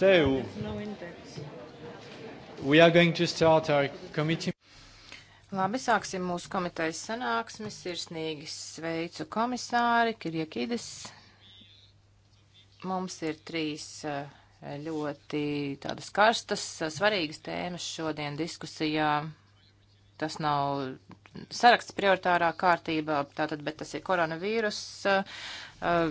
So, we are going to start our committee. Labi, sāksim mūsu komitejas sanāksmi. Sirsnīgi sveicu komisāri Kirjakīdis. Mums ir trīs eh, ļoti tādas karstas, eh, svarīgas tēmas šodien diskusijā. Tas nav saraksts prioritārā kārtībā, tātad, bet tas ir koronavīrus eh,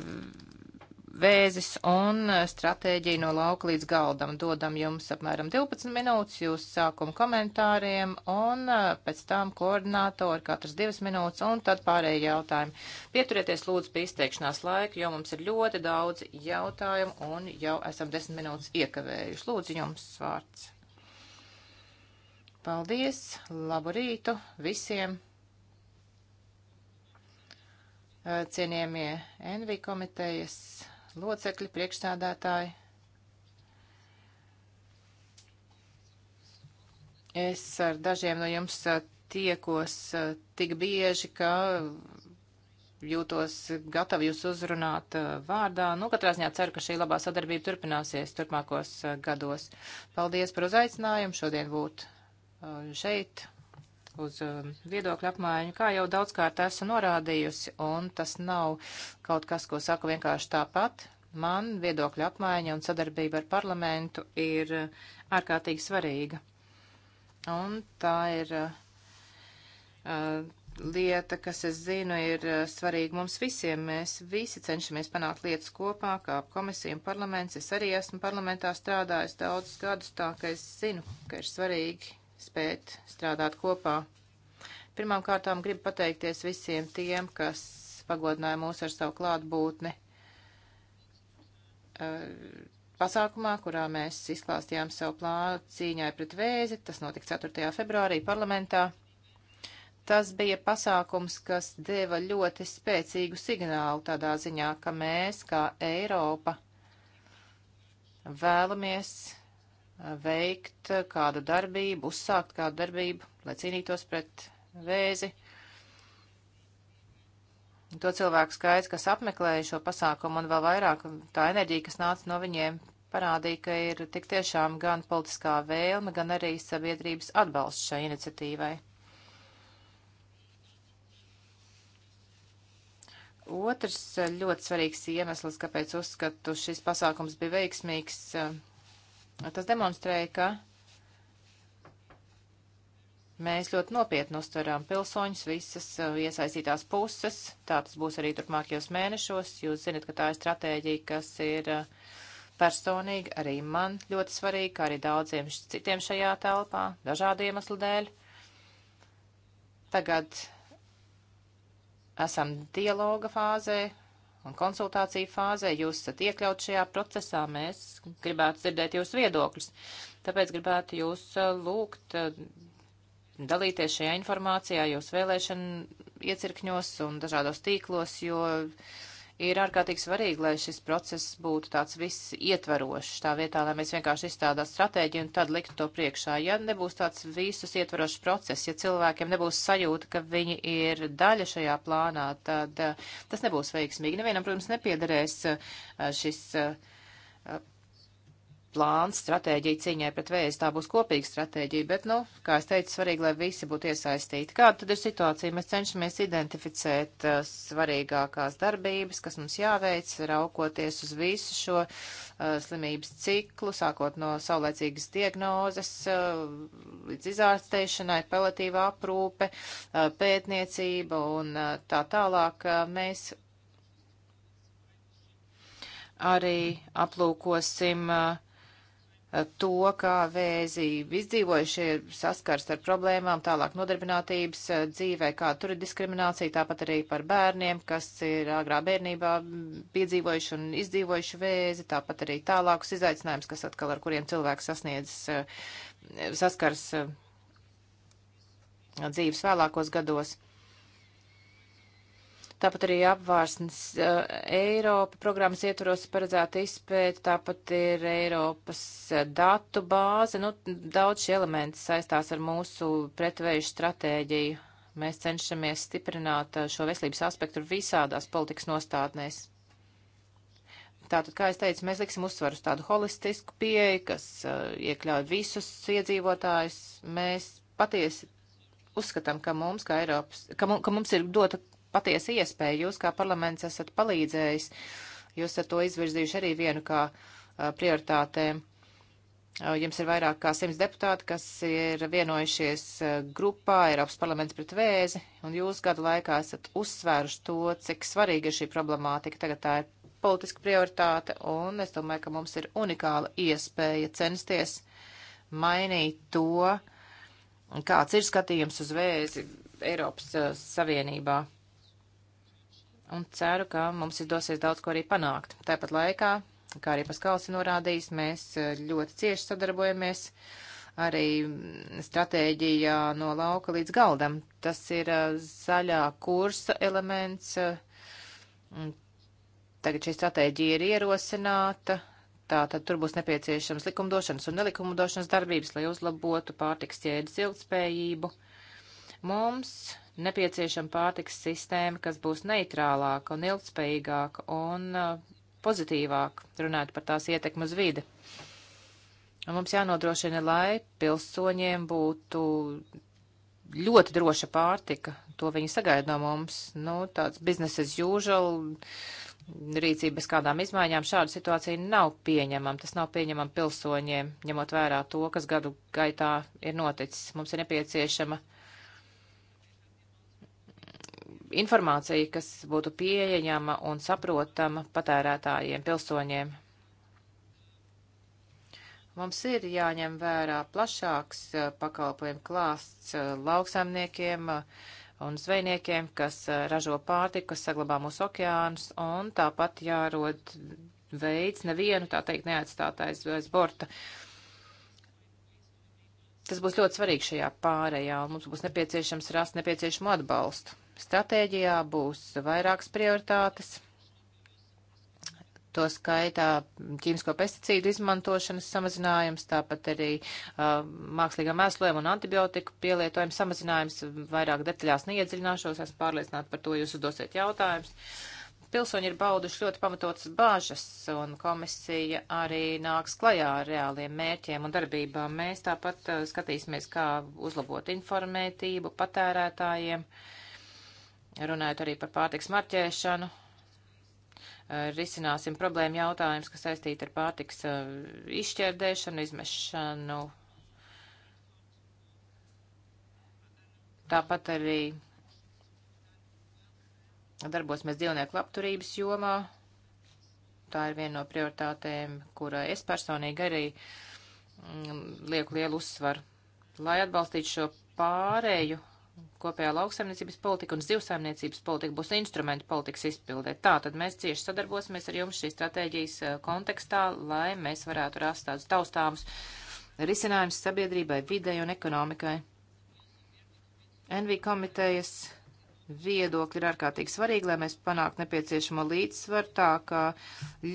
vēzis un e, stratēģija no lauka līdz galdam. Dodam jums apmēram 12 minūtes jūs sākumu komentāriem un e, pēc tam koordinātori katrs 2 minūtes un tad pārējie jautājumi. Pieturieties lūdzu pie izteikšanās laika, jo mums ir ļoti daudz jautājumu un jau esam 10 minūtes iekavējuši. Lūdzu jums vārds. Paldies, labu rītu visiem! E, cienījamie Envi komitejas locekļi, priekšstādātāji. Es ar dažiem no jums tiekos tik bieži, ka jūtos gatavi jūs uzrunāt vārdā. Nu, katrā ziņā ceru, ka šī labā sadarbība turpināsies turpmākos gados. Paldies par uzaicinājumu šodien būt šeit uz um, viedokļu apmaiņu, kā jau daudzkārt esmu norādījusi, un tas nav kaut kas, ko saku vienkārši tāpat. Man viedokļu apmaiņa un sadarbība ar parlamentu ir uh, ārkārtīgi svarīga. Un tā ir uh, uh lieta, kas, es zinu, ir uh, svarīga mums visiem. Mēs visi cenšamies panākt lietas kopā, kā komisija un parlaments. Es arī esmu parlamentā strādājis daudzus gadus, tā ka es zinu, ka ir svarīgi spēt strādāt kopā. Pirmām kārtām gribu pateikties visiem tiem, kas pagodināja mūs ar savu klātbūtni eh, pasākumā, kurā mēs izklāstījām savu plānu cīņai pret vēzi. Tas notika 4. februārī parlamentā. Tas bija pasākums, kas deva ļoti spēcīgu signālu tādā ziņā, ka mēs, kā Eiropa, vēlamies veikt kādu darbību, uzsākt kādu darbību, lai cīnītos pret vēzi. To cilvēku skaits, kas apmeklēja šo pasākumu, un vēl vairāk tā enerģija, kas nāca no viņiem, parādīja, ka ir tik tiešām gan politiskā vēlme, gan arī sabiedrības atbalsts šai iniciatīvai. Otrs eh, ļoti svarīgs iemesls, kāpēc uzskatu šis pasākums bija veiksmīgs, eh, Tas demonstrēja, ka mēs ļoti nopietni uztveram pilsoņus, visas uh, iesaistītās puses. Tā tas būs arī turpmākajos mēnešos. Jūs zinat, ka tā ir stratēģija, kas ir uh, personīgi arī man ļoti svarīga, arī daudziem citiem šajā telpā, dažādu iemeslu dēļ. Tagad esam dialoga fāzē un konsultāciju fāzē. Jūs esat iekļaut šajā procesā, mēs gribētu dzirdēt jūsu viedokļus. Tāpēc gribētu jūs eh, lūgt eh, dalīties šajā informācijā, jūsu vēlēšanu iecirkņos un dažādos tīklos, jo. Uh, ir ārkārtīgi svarīgi, lai šis process būtu tāds viss ietverošs, tā vietā, lai mēs vienkārši izstrādātu stratēģiju un tad liktu to priekšā. Ja nebūs tāds visus ietverošs process, ja cilvēkiem nebūs sajūta, ka viņi ir daļa šajā plānā, tad eh, tas nebūs veiksmīgi. Nevienam, protams, nepiederēs eh, šis. Uh, plāns, stratēģija cīņai pret vēju. Tā būs kopīga stratēģija, bet, nu, kā es teicu, svarīgi, lai visi būtu iesaistīti. Kāda tad ir situācija? Mēs cenšamies identificēt uh, svarīgākās darbības, kas mums jāveic, raukoties uz visu šo uh, slimības ciklu, sākot no saulēcīgas diagnozes uh, līdz izārstēšanai, palatīva aprūpe, uh, pētniecība un uh, tā tālāk. Uh, mēs arī aplūkosim uh, to, kā vēzi izdzīvojušie saskars ar problēmām, tālāk nodarbinātības eh, dzīvē, kā tur ir diskriminācija, tāpat arī par bērniem, kas ir agrā bērnībā mm, piedzīvojuši un izdzīvojuši vēzi, tāpat arī tālākus izaicinājumus, kas atkal ar kuriem cilvēks sasniedz, eh, saskars eh, dzīves vēlākos gados. Tāpat arī apvārsnes uh, Eiropa programmas ietvaros paredzēta izpēta, tāpat ir Eiropas eh, datu bāze. Nu, daudz šie elementi saistās ar mūsu pretvēju stratēģiju. Mēs cenšamies stiprināt uh, šo veselības aspektu visādās politikas nostādnēs. Tātad, kā es teicu, mēs liksim uzsvaru uz tādu holistisku pieeju, kas uh, iekļauj visus iedzīvotājus. Mēs patiesi uzskatām, ka mums, kā Eiropas, ka, mums, ka mums ir dota patiesa iespēja. Jūs kā parlaments esat palīdzējis, jūs esat to izvirzījuši arī vienu kā prioritātēm. Jums ir vairāk kā simts deputāti, kas ir vienojušies grupā Eiropas parlaments pret vēzi, un jūs gadu laikā esat uzsvēruši to, cik svarīga ir šī problemātika. Tagad tā ir politiska prioritāte, un es domāju, ka mums ir unikāla iespēja censties mainīt to, kāds ir skatījums uz vēzi Eiropas Savienībā un ceru, ka mums izdosies daudz ko arī panākt. Tāpat laikā, kā arī Paskals ir norādījis, mēs eh, ļoti cieši sadarbojamies arī mm, stratēģijā no lauka līdz galdam. Tas ir eh, zaļā kursa elements. Eh, tagad šī stratēģija ir ierosināta. Tātad tur būs nepieciešams likumdošanas un nelikumdošanas darbības, lai uzlabotu pārtiks ķēdes ilgspējību. Mums nepieciešama pārtiks sistēma, kas būs neitrālāka un ilgspējīgāka un uh, pozitīvāka, runājot par tās ietekmu uz vidi. Un mums jānodrošina, lai pilsoņiem būtu ļoti droša pārtika. To viņi sagaida no mums. Nu, tāds business as usual rīcība bez kādām izmaiņām. Šāda situācija nav pieņemama. Tas nav pieņemama pilsoņiem, ņemot vērā to, kas gadu gaitā ir noticis. Mums ir nepieciešama uh, informācija, kas būtu pieejama un saprotama patērētājiem, pilsoņiem. Mums ir jāņem vērā plašāks eh, pakalpojumu klāsts eh, lauksaimniekiem eh, un zvejniekiem, kas ražo pārtiku, kas saglabā mūsu okeānus, un tāpat jārod veids nevienu, tā teikt, neatstāt aiz, aiz borta. Tas būs ļoti svarīgi šajā pārējā, un mums būs nepieciešams rast nepieciešamo atbalstu stratēģijā būs vairākas prioritātes. To skaitā ķīmisko pesticīdu izmantošanas samazinājums, tāpat arī uh, mākslīgā mēslojuma un antibiotiku pielietojuma samazinājums. Vairāk detaļās neiedziļināšos, esmu pārliecināta par to, jūs uzdosiet jautājumus. Pilsoņi ir bauduši ļoti pamatotas bāžas, un komisija arī nāks klajā ar reāliem mērķiem un darbībām. Mēs tāpat uh, skatīsimies, kā uzlabot informētību patērētājiem. Uh, runājot arī par pārtiks marķēšanu, eh, risināsim problēmu jautājumus, kas saistīti ar pārtiks eh, izšķērdēšanu, izmešanu. Tāpat arī darbosimies dzīvnieku labturības jomā. Tā ir viena no prioritātēm, kura es personīgi arī mm, lieku lielu uzsvaru. Lai atbalstītu šo pārēju kopējā lauksaimniecības politika un zivsaimniecības politika būs instrumenti politikas izpildē. Tā tad mēs cieši sadarbosimies ar jums šīs stratēģijas eh, kontekstā, lai mēs varētu rast tādus taustāmus risinājumus sabiedrībai, videi un ekonomikai. NV komitejas viedokļi ir ārkārtīgi svarīgi, lai mēs panāktu nepieciešamo līdzsvaru, tā kā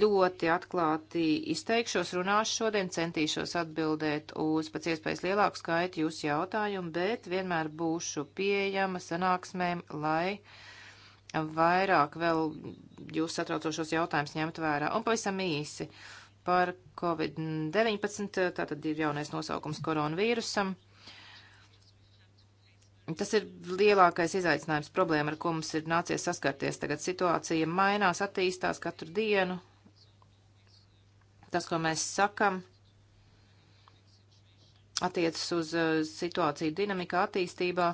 ļoti atklāti izteikšos, runāšu šodien, centīšos atbildēt uz pēc iespējas lielāku skaitu jūsu jautājumu, bet vienmēr būšu pieejama sanāksmēm, lai vairāk vēl jūs satraucošos jautājumus ņemt vērā. Un pavisam īsi par Covid-19, tātad ir jaunais nosaukums koronavīrusam. Tas ir lielākais izaicinājums problēma, ar ko mums ir nācies saskarties. Tagad situācija mainās, attīstās katru dienu. Tas, ko mēs sakam, attiecas uz uh, situāciju dinamikā attīstībā.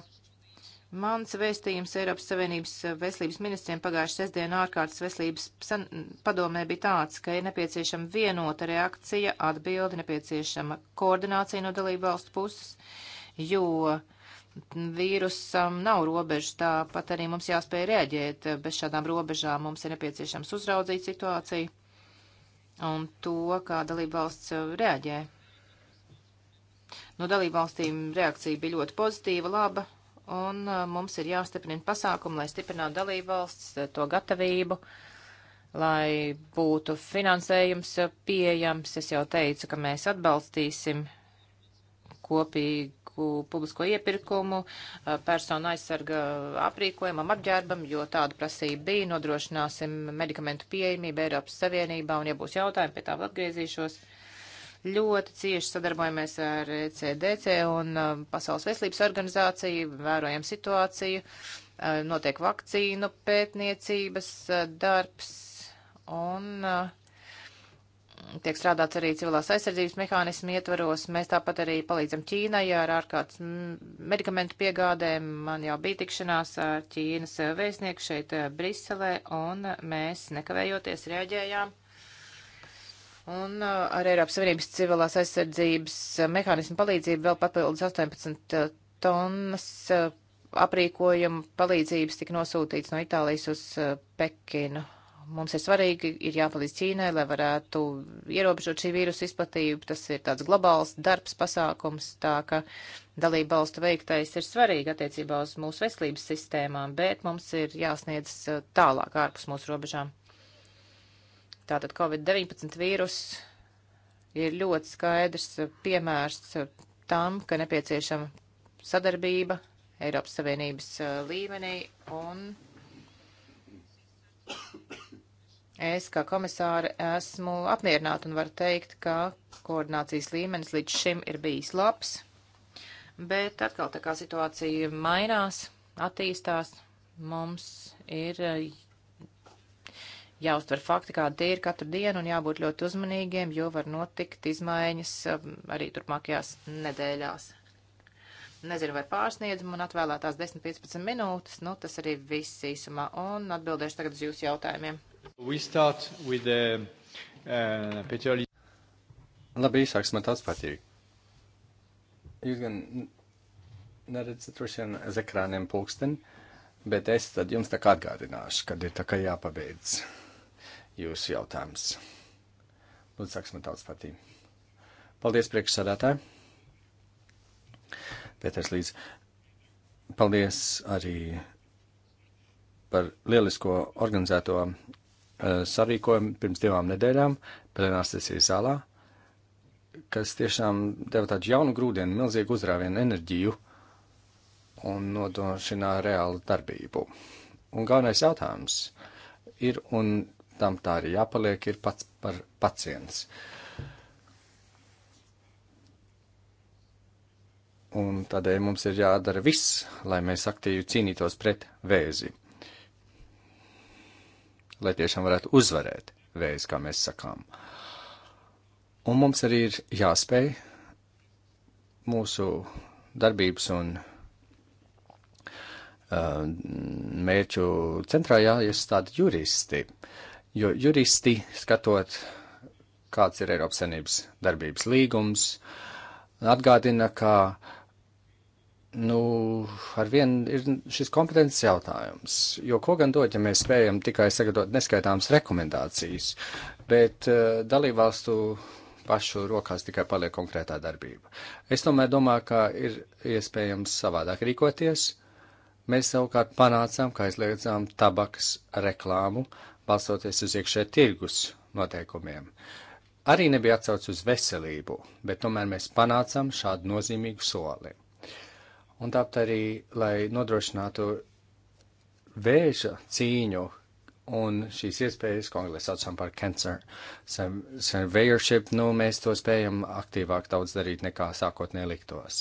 Mans vēstījums Eiropas Savienības uh, veselības ministriem pagājušajā sestdienā ārkārtas veselības padomē bija tāds, ka ir nepieciešama vienota reakcija, atbildi, nepieciešama koordinācija no dalību valstu puses, jo vīrusam nav robežu, tāpat arī mums jāspēj reaģēt. Bez šādām robežām mums ir nepieciešams uzraudzīt situāciju un to, kā dalībvalsts reaģē. No dalībvalstīm reakcija bija ļoti pozitīva, laba, un uh, mums ir jāstiprina pasākumu, lai stiprinātu dalībvalsts uh, to gatavību, lai būtu finansējums uh, pieejams. Es jau teicu, ka mēs atbalstīsim kopīgi publiku, publisko iepirkumu, eh, personu aizsarga aprīkojumam, apģērbam, jo tāda prasība bija. Nodrošināsim medikamentu pieejamību Eiropas Savienībā, un, ja būs jautājumi, pie tā vēl atgriezīšos. Ļoti cieši sadarbojamies ar CDC e un eh, Pasaules veselības organizāciju, vērojam situāciju, eh, notiek vakcīnu pētniecības darbs un uh, tiek strādāts arī civilās aizsardzības mehānismu ietvaros. Mēs tāpat arī palīdzam Ķīnai ar ārkārtas medikamentu piegādēm. Man jau bija tikšanās ar Ķīnas vēstnieku šeit eh, Briselē, un mēs nekavējoties reaģējām. Un eh, ar Eiropas Savienības civilās aizsardzības eh, mehānismu palīdzību vēl papildus 18 tonnas aprīkojuma palīdzības tika nosūtīts no Itālijas uz Pekinu mums ir svarīgi, ir jāpalīdz Ķīnai, lai varētu ierobežot šī vīrusa izplatību. Tas ir tāds globāls darbs, pasākums, tā ka dalība valstu veiktais ir svarīgi attiecībā uz mūsu veselības sistēmām, bet mums ir jāsniedz uh, tālāk ārpus mūsu robežām. Tātad Covid-19 vīrus ir ļoti skaidrs uh, piemērs uh, tam, ka nepieciešama sadarbība Eiropas Savienības līmenī un Es kā komisāri esmu apmierināta un varu teikt, ka koordinācijas līmenis līdz šim ir bijis labs, bet atkal tā kā situācija mainās, attīstās, mums ir eh, jāuztver fakti, kādi tie ir katru dienu, un jābūt ļoti uzmanīgiem, jo var notikt izmaiņas um, arī turpmākajās nedēļās. Nezinu, vai pārsniedzu man atvēlētās 10-15 minūtes, nu tas arī viss īsumā, un atbildēšu tagad uz jūsu jautājumiem. The, uh, uh Labi, sāksim ar tāds patīk. Jūs gan neredzat droši vien uz ekrāniem pulksteni, bet es tad jums tā kā atgādināšu, kad ir tā kā jāpabeidz jūsu jautājums. Lūdzu, sāksim ar tāds patīk. Paldies priekšsādātāji. Pēters līdz. Paldies arī par lielisko organizēto Eh, sarīkojumu pirms divām nedēļām plenās sesijas zālā, kas tiešām deva tādu jaunu grūdienu, milzīgu uzrāvienu enerģiju un nodrošināja reālu darbību. Un galvenais jautājums ir, un tam tā arī jāpaliek, ir pats par pacients. Un tādēļ mums ir jādara viss, lai mēs aktīvi cīnītos pret vēzi lai tiešām varētu uzvarēt vēzi, kā mēs sakām. Un mums arī ir jāspēj mūsu darbības un uh, mērķu centrā jāiestāda juristi, jo juristi skatot, kāds ir Eiropas Savienības darbības līgums, atgādina, ka uh, nu, ar vienu ir šis kompetences jautājums. Jo ko gan dot, ja mēs spējam tikai sagatavot neskaitāmas rekomendācijas, bet uh, dalībvalstu pašu rokās tikai paliek konkrētā darbība. Es tomēr domāju, ka ir iespējams savādāk rīkoties. Mēs savukārt panācām, ka aizliedzām tabakas reklāmu, balstoties uz iekšē tirgus noteikumiem. Arī nebija atsauc uz veselību, bet tomēr mēs panācām šādu nozīmīgu soli. Un tāpat arī, lai nodrošinātu vēža cīņu un šīs iespējas, ko angļu saucam par cancer surveyorship, nu, mēs to spējam aktīvāk daudz darīt nekā sākotnēji liktos.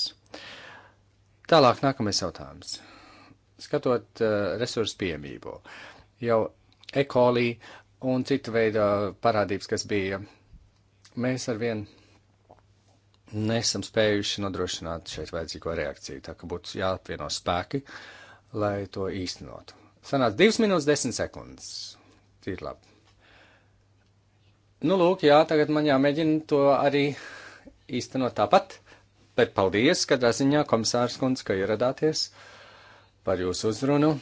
Tālāk nākamais jautājums. Skatot uh, resursu piemību, jau ekolī un citu veidu parādības, kas bija, mēs arvien vien nesam spējuši nodrošināt šeit vajadzīgo reakciju, tā ka būtu jāapvieno spēki, lai to īstenotu. Sanāca 2 minūtes 10 sekundes. Tīri labi. Nu, lūk, jā, tagad man jāmēģina to arī īstenot tāpat, bet paldies, katrā ziņā, komisārs kundz, ka ieradāties par jūsu uzrunu.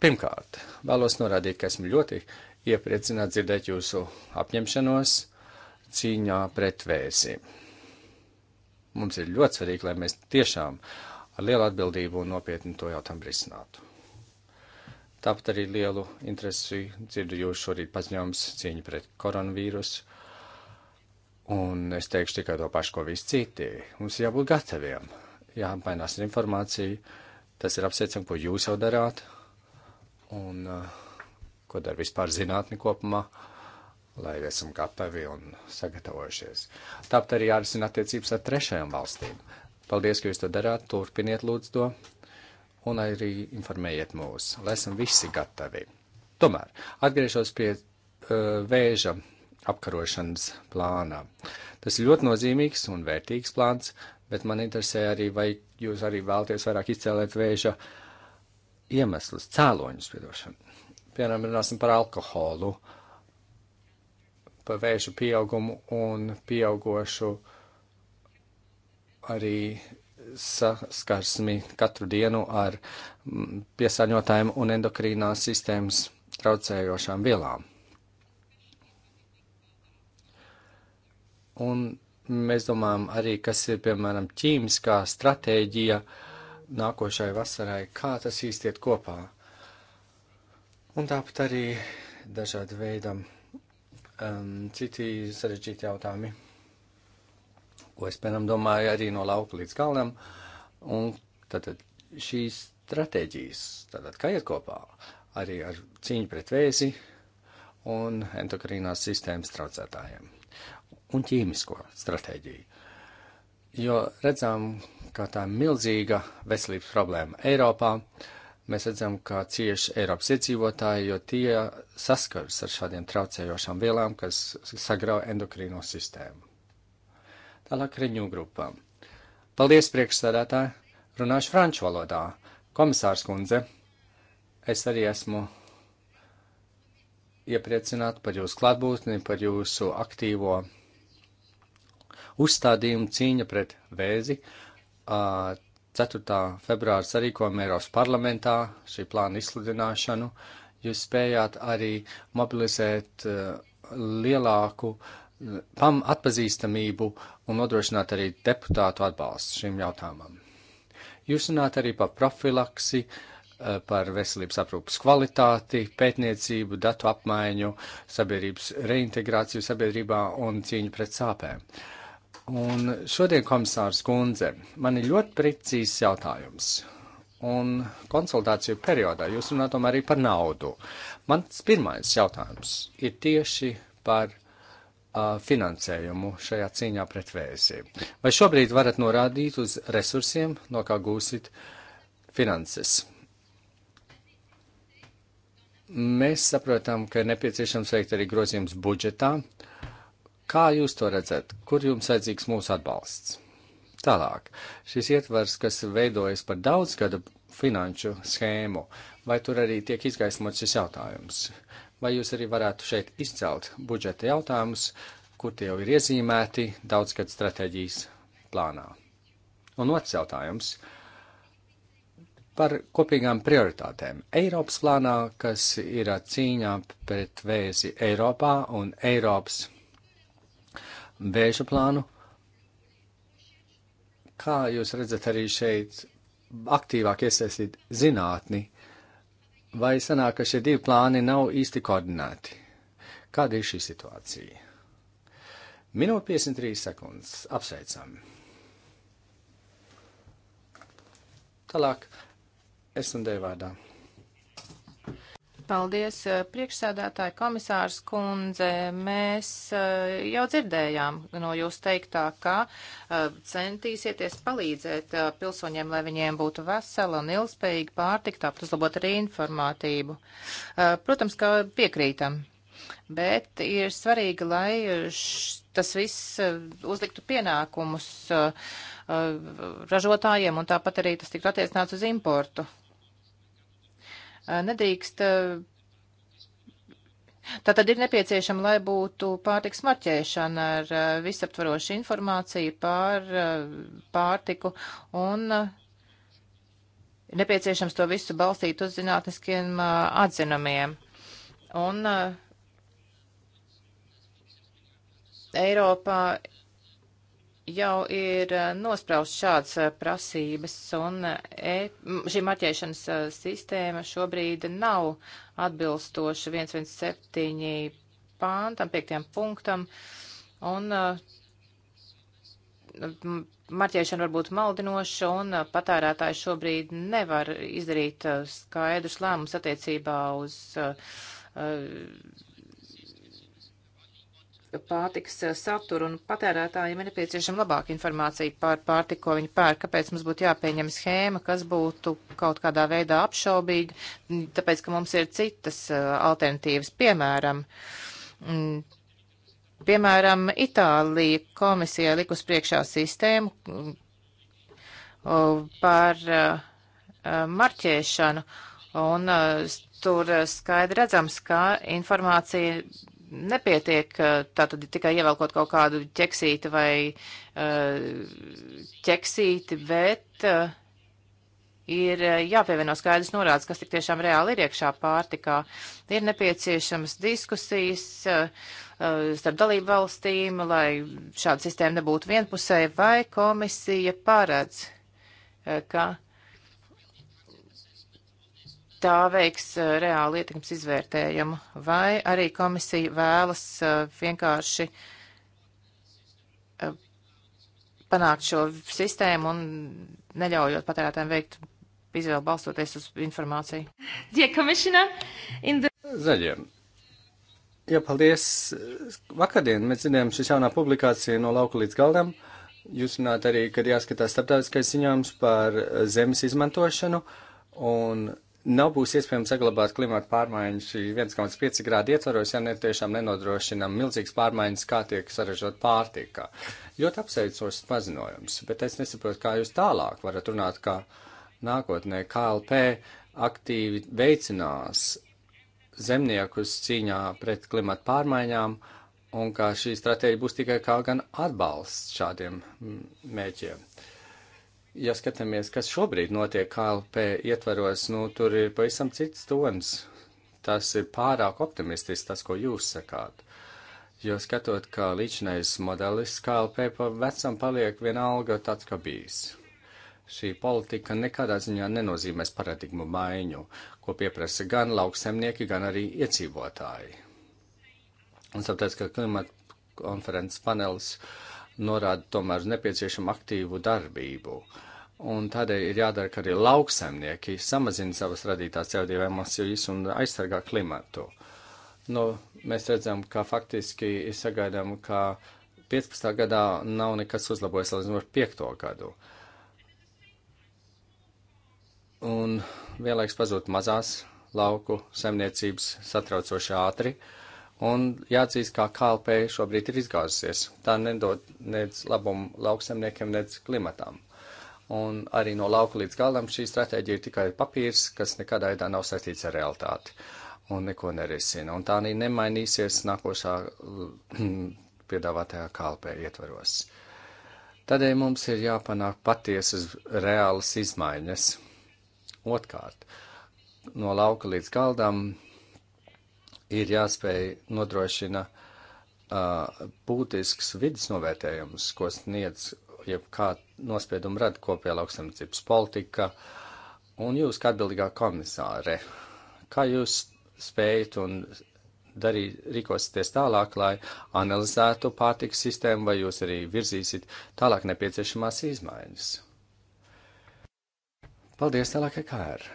Pirmkārt, vēlos norādīt, ka esmu ļoti iepriecināts dzirdēt jūsu apņemšanos cīņā pret vēsību. Mums ir ļoti svarīgi, lai mēs tiešām ar lielu atbildību un nopietni to jautājumu risinātu. Tāpat arī lielu interesi dzirdu jūs šorīt paziņojums cīņa pret koronavīrusu. Un es teikšu tikai to pašu, ko visi citi. Mums jābūt gataviem, jāapmainās ar informāciju. Tas ir apsveicami, ko jūs jau darāt un uh, ko dara vispār zinātni kopumā. Uh, lai esam gatavi un sagatavojušies. Tāpat arī jārisina attiecības ar trešajām valstīm. Paldies, ka jūs to darāt, turpiniet lūdzu to un arī informējiet mūs, lai esam visi gatavi. Tomēr atgriežos pie uh, vēža apkarošanas plānā. Tas ir ļoti nozīmīgs un vērtīgs plāns, bet man interesē arī, vai jūs arī vēlties vairāk izcēlēt vēža iemeslus, cēloņus, piedošanu. Piemēram, runāsim par alkoholu. Uh, par vēža pieaugumu un pieaugošu arī saskarsmi katru dienu ar mm, piesārņotājiem un endokrīnās sistēmas traucējošām vielām. Un mēs domājam arī, kas ir, piemēram, ķīmiskā stratēģija nākošai vasarai, kā tas īstiet kopā. Un tāpat arī dažādi veidam um, citi sarežģīti jautājumi, ko es pēc tam domāju arī no lauka līdz kalnam. Un tātad šīs stratēģijas, tātad kā iet kopā arī ar cīņu pret vēzi un endokrīnās sistēmas traucētājiem un ķīmisko stratēģiju. Jo redzam, kā tā milzīga veselības problēma Eiropā. Uh, mēs redzam, ka cieši Eiropas iedzīvotāji, jo tie saskaras ar šādiem traucējošām vielām, kas sagrauj endokrīno sistēmu. Tālāk riņu grupām. Paldies, priekšsēdētāji! Runāšu franču valodā. Komisārs kundze, es arī esmu iepriecināta par jūsu klātbūtni, par jūsu aktīvo uzstādījumu cīņa pret vēzi. Uh, 4. februāra sarīkojumu Eiropas parlamentā, šī plāna izsludināšanu, jūs spējāt arī mobilizēt uh, lielāku uh, pam atpazīstamību un nodrošināt arī deputātu atbalstu šim jautājumam. Jūs runājat arī par profilaksi, uh, par veselības aprūpas kvalitāti, pētniecību, datu apmaiņu, sabiedrības reintegrāciju sabiedrībā un cīņu pret sāpēm. Uh, Un šodien, komisārs Kundze, man ir ļoti precīzs jautājums. Un konsultāciju periodā jūs runājat tomēr arī par naudu. Mans pirmais jautājums ir tieši par uh, finansējumu šajā cīņā pret vēzi. Vai šobrīd varat norādīt uz resursiem, no kā gūsit finanses? Mēs saprotam, ka ir nepieciešams veikt arī grozījums budžetā. Uh, Kā jūs to redzat? Kur jums vajadzīgs mūsu atbalsts? Tālāk, šis ietvars, kas veidojas par daudzgadu finanšu schēmu, vai tur arī tiek izgaismots šis jautājums? Vai jūs arī varētu šeit izcelt budžeta jautājumus, kur tie jau ir iezīmēti daudzgadu stratēģijas plānā? Un otrs jautājums par kopīgām prioritātēm. Eiropas plānā, kas ir cīņā pret vēzi Eiropā un Eiropas vēža plānu. Kā jūs redzat arī šeit aktīvāk iesaistīt zinātni, vai sanāk, ka šie divi plāni nav īsti koordinēti? Kāda ir šī situācija? Minūte 53 sekundes. Apsveicam. Tālāk, es un Dēvārdā. Paldies, eh, priekšsēdētāji komisārs kundze. Mēs eh, jau dzirdējām no jūs teiktā, ka eh, centīsieties palīdzēt pilsoņiem, lai viņiem būtu vesela un ilgspējīga pārtika, tāpat uzlabot arī informātību. Protams, ka piekrītam. Bet ir svarīgi, lai tas viss uzliktu pienākumus ražotājiem un tāpat arī tas tiktu attiecināts uz importu. Eh, nedrīkst. Eh, tātad ir nepieciešama, lai būtu pārtiks marķēšana ar eh, visaptvarošu informāciju pār pārtiku un nepieciešams to visu balstīt uz zinātniskiem atzinumiem. Un Eiropā jau ir eh, nospraust šādas eh, prasības, un eh, e, šī marķēšanas sistēma šobrīd nav atbilstoša 117 pāntam, 5. punktam, un marķēšana var būt maldinoša, un patērētāji šobrīd nevar izdarīt skaidrus lēmumus attiecībā uz uh, pārtikas eh, saturu, un patērētājiem ir nepieciešama labāka informācija par pārtiku, ko viņi pērk. Kāpēc mums būtu jāpieņem schēma, kas būtu kaut kādā veidā apšaubīga, mm, tāpēc, ka mums ir citas eh, alternatīvas, piemēram. Mm, piemēram, Itālija komisija likus priekšā sistēmu mm, par eh, marķēšanu, un tur skaidri redzams, ka informācija nepietiek eh, tātad tikai ievelkot kaut kādu ķeksīti vai eh, ķeksīti, bet eh, ir jāpievieno skaidrs norādes, kas tik tiešām reāli ir iekšā pārtikā. Ir nepieciešamas diskusijas starp dalību valstīm, lai šāda sistēma nebūtu vienpusēja, vai komisija paredz, ka tā veiks eh, reāli ietekmes izvērtējumu, vai arī komisija vēlas eh, vienkārši eh, panākt šo sistēmu un neļaujot patērētājiem veikt izvēlu balstoties uz informāciju. The... Zaļiem. Jā, paldies. Vakardien mēs zinām šis jaunā publikācija no lauka līdz galdam. Jūs runājat arī, kad jāskatās starptautiskais ziņojums par zemes izmantošanu un nav būs iespējams saglabāt klimatu pārmaiņas 1,5 grādu ietvaros, ja ne tiešām nenodrošinām milzīgas pārmaiņas, kā tiek saražot pārtika. Ļoti apsveicošs paziņojums, bet es nesaprotu, kā jūs tālāk varat runāt, ka nākotnē KLP aktīvi veicinās zemniekus cīņā pret klimatu pārmaiņām un ka šī stratēģija būs tikai kā gan atbalsts šādiem mēķiem ja skatāmies, kas šobrīd notiek KLP ietvaros, nu, tur ir pavisam cits tons. Tas ir pārāk optimistisks, tas, ko jūs sakāt. Jo skatot, ka līdzinais modelis KLP pa vecam paliek vienalga tāds, kā bijis šī politika nekādā ziņā nenozīmēs paradigmu maiņu, ko pieprasa gan lauksemnieki, gan arī iedzīvotāji. Un tāpēc, ka klimata konferences panelis norāda tomēr uz nepieciešamu aktīvu darbību. Un tādēļ ir jādara, ka arī lauksaimnieki samazina savas radītās CO2 emisijas un aizsargā klimatu. Nu, mēs redzam, ka faktiski ir sagaidām, ka 15. gadā nav nekas uzlabojies līdz ar 5. gadu. Un vienlaiks pazūd mazās lauku saimniecības satraucoši ātri. Uh, Un jāatzīst, kā KLP šobrīd ir izgāzusies. Tā nedod nec labumu lauksemniekiem, nec klimatam. Un arī no lauka līdz galam šī stratēģija ir tikai papīrs, kas nekādā veidā nav saistīts ar realitāti un neko nerisina. Un tā arī nemainīsies nākošā piedāvātajā KLP ietvaros. Tādēļ mums ir jāpanāk patiesas reālas izmaiņas. Otkārt, no lauka līdz galdam ir jāspēj nodrošina uh, būtisks vidas novērtējums, ko sniedz jebkā nospiedumu rada kopējā lauksaimniecības politika. Un jūs, kā atbildīgā komisāre, kā jūs spējat un darīt, rīkosieties tālāk, lai analizētu pārtikas sistēmu, vai jūs arī virzīsit tālāk nepieciešamās izmaiņas? Paldies, tālāk, Kār!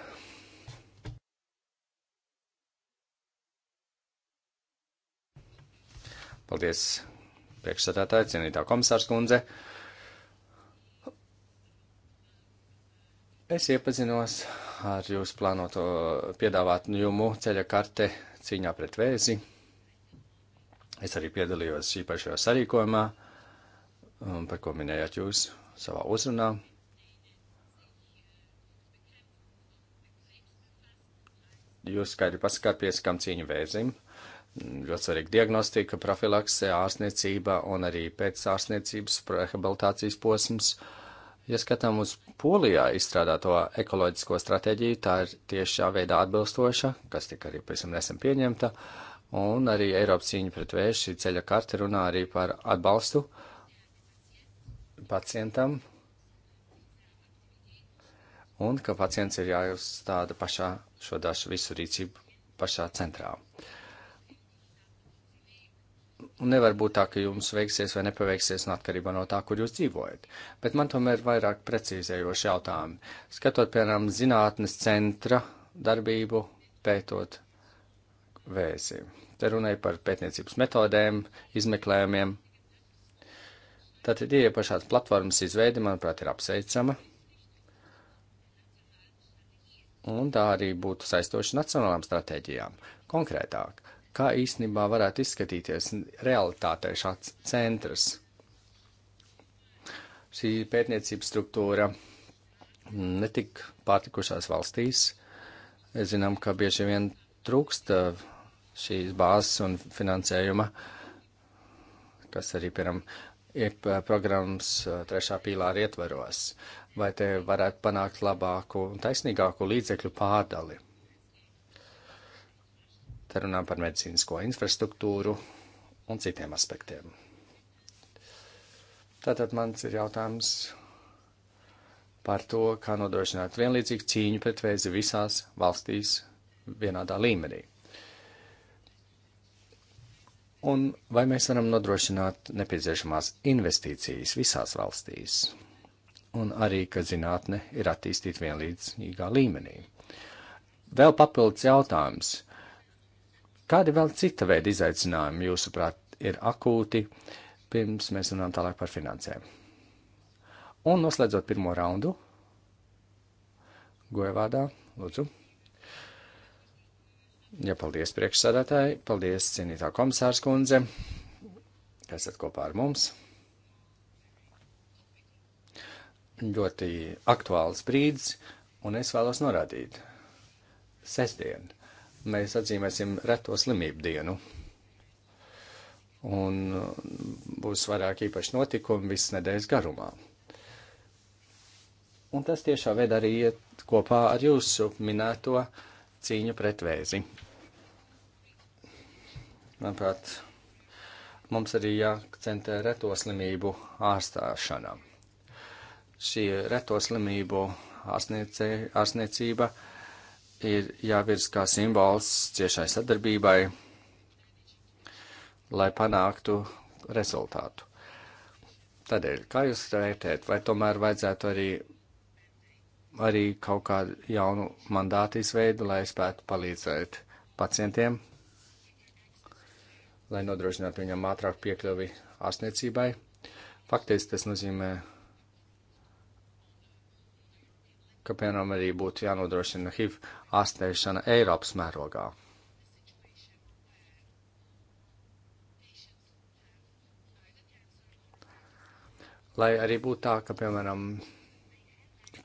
Paldies, priekšsēdētāji, cienītā komisārs kundze. Es iepazinos ar jūsu plānoto piedāvājumu ceļa karte cīņā pret vēzi. Es arī piedalījos īpašajā sarīkojumā, um, par ko minējāt jūs savā uzrunā. Jūs skaidri paskatāties, kam cīņa vēzim. Uh, ļoti svarīga diagnostika, profilakse, ārstniecība un arī pēc ārstniecības rehabilitācijas posms. Ja skatām uz polijā izstrādāto ekoloģisko stratēģiju, tā ir tiešā veidā atbilstoša, kas tika arī pēc tam nesen pieņemta, un arī Eiropas cīņa pret vēju ceļa karte runā arī par atbalstu pacientam, un ka pacients ir jāuzstāda pašā šo dažu visu rīcību pašā centrā. Uh, Un nevar būt tā, ka jums veiksies vai nepaveiksies atkarībā no tā, kur jūs dzīvojat. Bet man tomēr ir vairāk precīzējoši jautājumi. Skatot, piemēram, zinātnes centra darbību, pētot vēzi. Te runāja par pētniecības metodēm, izmeklējumiem. Tātad ideja par šādas platformas izveidi, manuprāt, ir apsveicama un tā arī būtu saistoši nacionālām stratēģijām. Konkrētāk, kā īstenībā varētu izskatīties realitātē šāds centrs. Šī pētniecības struktūra netik pārtikušās valstīs. Zinām, ka bieži vien trūkst uh, šīs bāzes un finansējuma, kas arī, piemēram, uh, programmas uh, trešā pīlāra ietvaros, vai te varētu panākt labāku un taisnīgāku līdzekļu pārdali. Te runām par medicīnisko infrastruktūru un citiem aspektiem. Tātad mans ir jautājums par to, kā nodrošināt vienlīdzīgu cīņu pret vēzi visās valstīs vienādā līmenī. Un vai mēs varam nodrošināt nepieciešamās investīcijas visās valstīs? Un arī, ka zinātne ir attīstīta vienlīdzīgā līmenī. Vēl papildus jautājums. Kādi vēl cita veida izaicinājumi, jūsuprāt, ir akūti, pirms mēs runājam tālāk par finansēm? Un noslēdzot pirmo raundu, Gojavādā, lūdzu. Ja paldies priekšsādātāji, paldies cienītā komisārs kundze, ka esat kopā ar mums. Ļoti aktuāls brīdis, un es vēlos norādīt. Sestdien, mēs atzīmēsim reto slimību dienu. Un uh, būs vairāk īpaši notikumi visas nedēļas garumā. Un tas tiešā veidā arī iet kopā ar jūsu minēto cīņu pret vēzi. Manuprāt, mums arī jāakcentē reto slimību ārstēšana. Šī reto slimību ārstniecība ir jāvirz kā simbols ciešai sadarbībai, lai panāktu rezultātu. Tādēļ, kā jūs vērtējat, vai tomēr vajadzētu arī, arī kaut kādu jaunu mandātu izveidu, lai spētu palīdzēt pacientiem, lai nodrošinātu viņam ātrāk piekļuvi ārstniecībai? Faktiski tas nozīmē ka, piemēram, arī būtu jānodrošina HIV ārstēšana Eiropas mērogā. Lai arī būtu tā, ka, piemēram,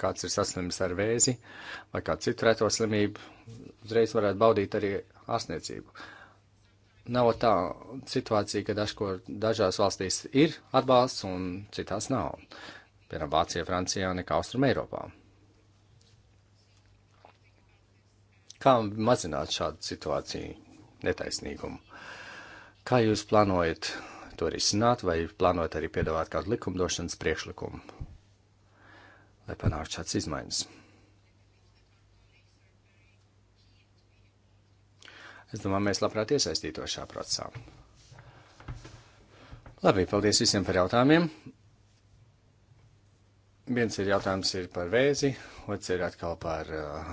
kāds ir saslimis ar vēzi vai kādu citu reto slimību, uzreiz varētu baudīt arī ārstniecību. Nav tā situācija, ka dažkur, dažās valstīs ir atbalsts un citās nav. Piemēram, Vācijā, Francijā, nekā Austrum Eiropā. kā mazināt šādu situāciju netaisnīgumu? Kā jūs plānojat to risināt, vai plānojat arī piedāvāt kādu likumdošanas priekšlikumu, lai panāktu šādas izmaiņas? Es domāju, mēs labprāt iesaistītos šajā procesā. Labi, paldies visiem par jautājumiem viens ir jautājums ir par vēzi, otrs ir atkal par uh,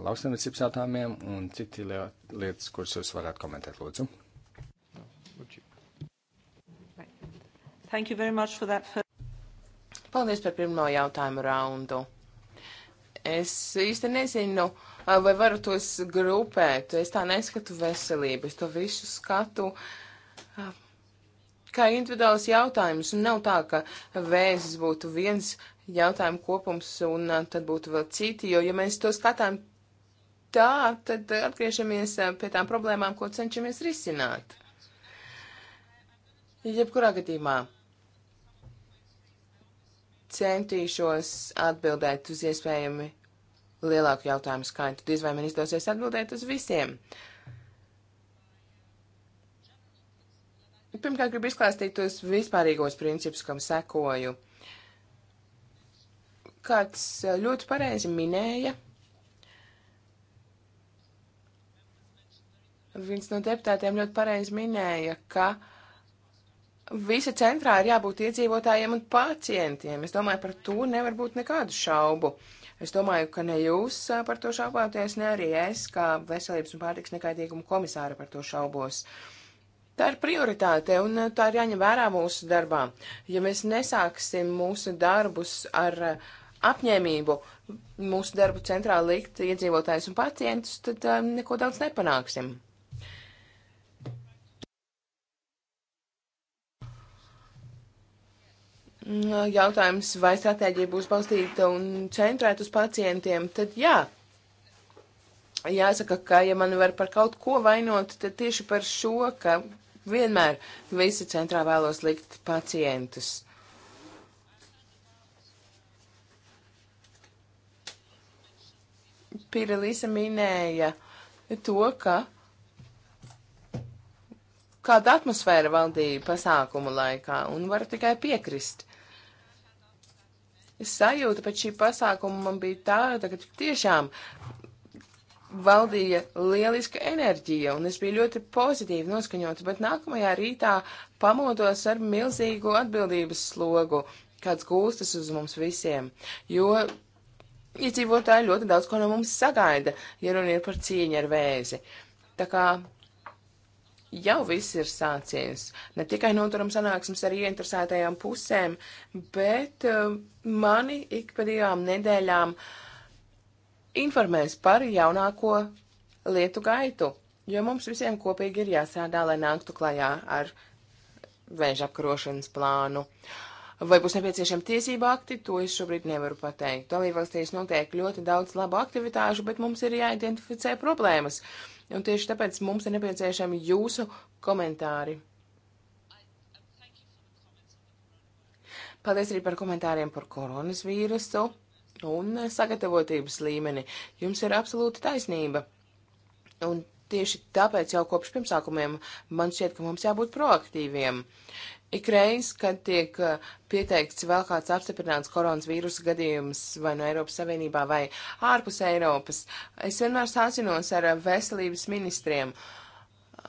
lauksaimniecības jautājumiem, un citi lietas, kuras jūs varētu komentēt, lūdzu. Paldies par pirmo jautājumu raundu. Es īsti nezinu, uh, vai varu tos grupēt. Es tā neskatu veselību, es to visu skatu uh, kā individuāls jautājums. Un nav tā, ka vēzis būtu viens jautājumu kopums, un uh, tad būtu vēl citi, jo, ja mēs to skatām tā, tad atgriežamies uh, pie tām problēmām, ko cenšamies risināt. Jebkurā gadījumā centīšos atbildēt uz iespējami lielāku jautājumu skaitu. Diz vai man izdosies atbildēt uz visiem. Pirmkārt, gribu izklāstīt tos vispārīgos principus, kam sekoju kāds eh, ļoti pareizi minēja. Viens no deputātiem ļoti pareizi minēja, ka visa centrā ir jābūt iedzīvotājiem un pacientiem. Es domāju, par to nevar būt nekādu šaubu. Es domāju, ka ne jūs eh, par to šaubāties, ne arī es, kā veselības un pārtiks nekaitīguma komisāra par to šaubos. Tā ir prioritāte un eh, tā ir jāņem vērā mūsu darbā. Ja mēs nesāksim mūsu darbus ar uh, apņēmību mūsu darbu centrā likt iedzīvotājus un pacientus, tad um, neko daudz nepanāksim. Jautājums, vai stratēģija būs balstīta un centrēta uz pacientiem, tad jā. Jāsaka, ka ja mani var par kaut ko vainot, tad tieši par šo, ka vienmēr visi centrā vēlos likt pacientus. Pirelīsa minēja to, ka kāda atmosfēra valdīja pasākumu laikā, un varu tikai piekrist. Es sajūta pēc šī pasākuma man bija tāda, ka tiešām valdīja lieliska enerģija, un es biju ļoti pozitīvi noskaņota, bet nākamajā rītā pamodos ar milzīgu atbildības slogu, kāds gūstas uz mums visiem, jo iedzīvotāji ļoti daudz ko no mums sagaida, ja runa ir par cīņu ar vēzi. Tā kā jau viss ir sācies. Ne tikai noturam sanāksmes ar ieinteresētajām pusēm, bet uh, mani ik pēdējām nedēļām informēs par jaunāko lietu gaitu, jo mums visiem kopīgi ir jāsādā, lai nāktu klajā ar vēža apkarošanas plānu. Uh, Vai būs nepieciešama tiesība akti, to es šobrīd nevaru pateikt. Dalībvalstīs notiek ļoti daudz labu aktivitāšu, bet mums ir jāidentificē problēmas. Un tieši tāpēc mums ir nepieciešami jūsu komentāri. Paldies arī par komentāriem par koronas vīrusu un sagatavotības līmeni. Jums ir absolūta taisnība. Un tieši tāpēc jau kopš pirmsākumiem man šķiet, ka mums jābūt proaktīviem. Uh, Ikreiz, kad tiek uh, pieteikts vēl kāds apstiprināts koronavīrusa gadījums vai no Eiropas Savienībā vai ārpus Eiropas, es vienmēr sācinos ar uh, veselības ministriem. Uh,